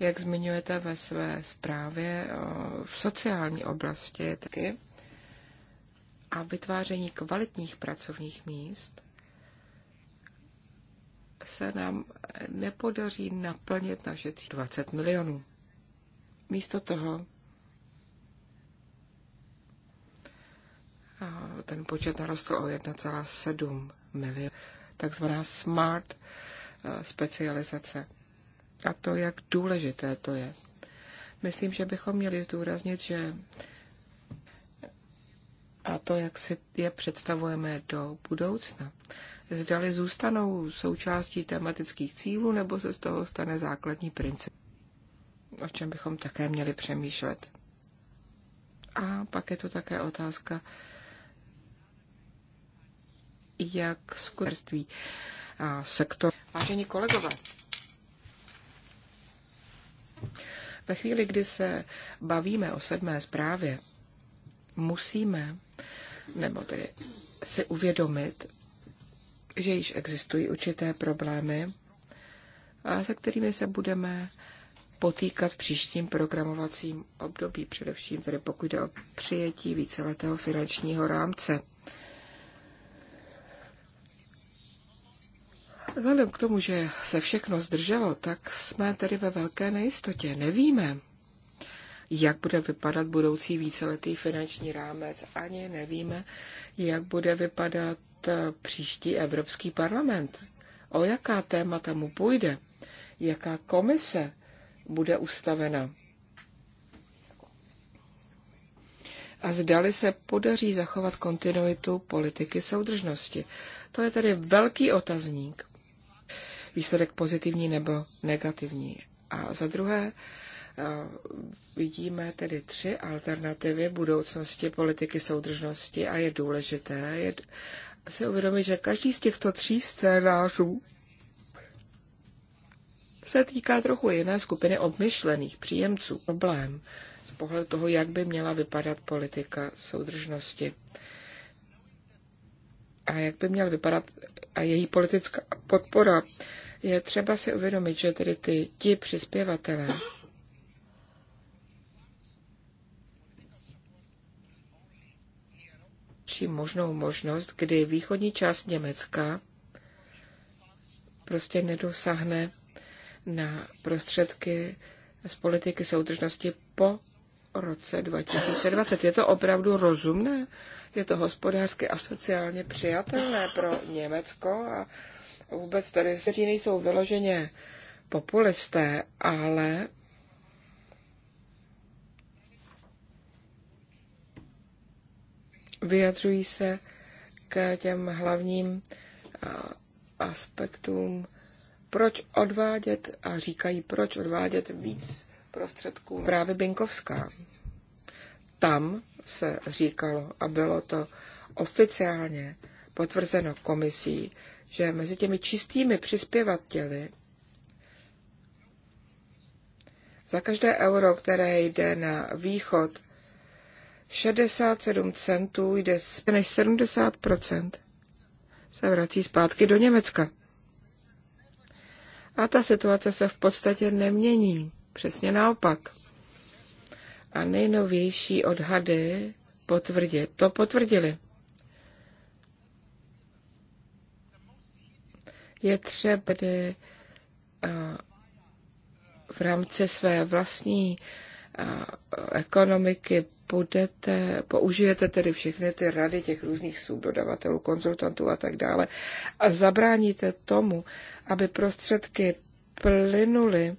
jak zmiňujete ve své zprávě, eh, v sociální oblasti taky a vytváření kvalitních pracovních míst se nám nepodaří naplnit naše 20 milionů. Místo toho ten počet narostl o 1,7 milionů, takzvaná smart eh, specializace a to, jak důležité to je. Myslím, že bychom měli zdůraznit, že a to, jak si je představujeme do budoucna. Zdali zůstanou součástí tematických cílů, nebo se z toho stane základní princip, o čem bychom také měli přemýšlet. A pak je to také otázka, jak skutečství a sektor. Vážení kolegové, ve chvíli, kdy se bavíme o sedmé zprávě, musíme, nebo tedy si uvědomit, že již existují určité problémy, a se kterými se budeme potýkat v příštím programovacím období, především tedy pokud jde o přijetí víceletého finančního rámce. Vzhledem k tomu, že se všechno zdrželo, tak jsme tedy ve velké nejistotě. Nevíme, jak bude vypadat budoucí víceletý finanční rámec, ani nevíme, jak bude vypadat eh, příští Evropský parlament, o jaká témata mu půjde, jaká komise bude ustavena. A zdali se podaří zachovat kontinuitu politiky soudržnosti. To je tedy velký otazník výsledek pozitivní nebo negativní. A za druhé, eh, vidíme tedy tři alternativy budoucnosti politiky soudržnosti a je důležité je si uvědomit, že každý z těchto tří scénářů se týká trochu jiné skupiny obmyšlených příjemců problém z pohledu toho, jak by měla vypadat politika soudržnosti a jak by měla vypadat a její politická podpora je třeba si uvědomit, že tedy ty, ti přispěvatelé či možnou možnost, kdy východní část Německa prostě nedosáhne na prostředky z politiky soudržnosti po roce 2020. Je to opravdu rozumné? Je to hospodářsky a sociálně přijatelné pro Německo a vůbec tady, kteří nejsou vyloženě populisté, ale vyjadřují se k těm hlavním aspektům, proč odvádět a říkají, proč odvádět víc prostředků. Právě Binkovská. Tam se říkalo a bylo to oficiálně potvrzeno komisí, že mezi těmi čistými přispěvateli za každé euro, které jde na východ, 67 centů jde než 70 se vrací zpátky do Německa. A ta situace se v podstatě nemění. Přesně naopak. A nejnovější odhady potvrdit. To potvrdili. je třeba v rámci své vlastní ekonomiky budete, použijete tedy všechny ty rady těch různých subdodavatelů, konzultantů a tak dále a zabráníte tomu, aby prostředky plynuly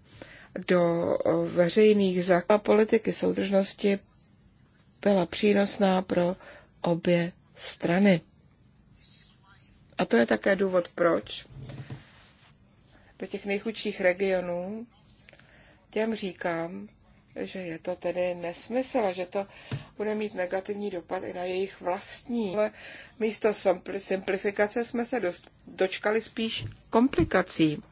do veřejných základ. Politiky soudržnosti byla přínosná pro obě strany. A to je také důvod, proč do těch nejchudších regionů, těm říkám, že je to tedy nesmysl a že to bude mít negativní dopad i na jejich vlastní. Ale místo simplifikace jsme se dost, dočkali spíš komplikací,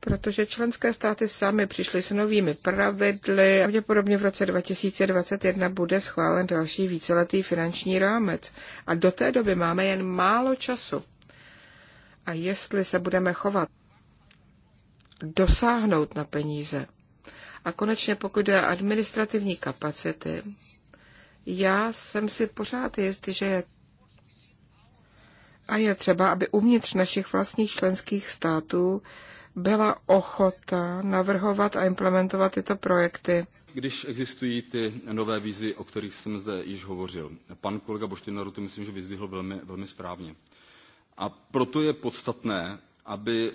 protože členské státy sami přišly s novými pravidly. Pravděpodobně v roce 2021 bude schválen další víceletý finanční rámec a do té doby máme jen málo času. A jestli se budeme chovat dosáhnout na peníze. A konečně pokud jde administrativní kapacity, já jsem si pořád jistý, že je a je třeba, aby uvnitř našich vlastních členských států byla ochota navrhovat a implementovat tyto projekty. Když existují ty nové výzvy, o kterých jsem zde již hovořil, pan kolega Boštinaru to myslím, že vyzdvihl velmi, velmi správně. A proto je podstatné, aby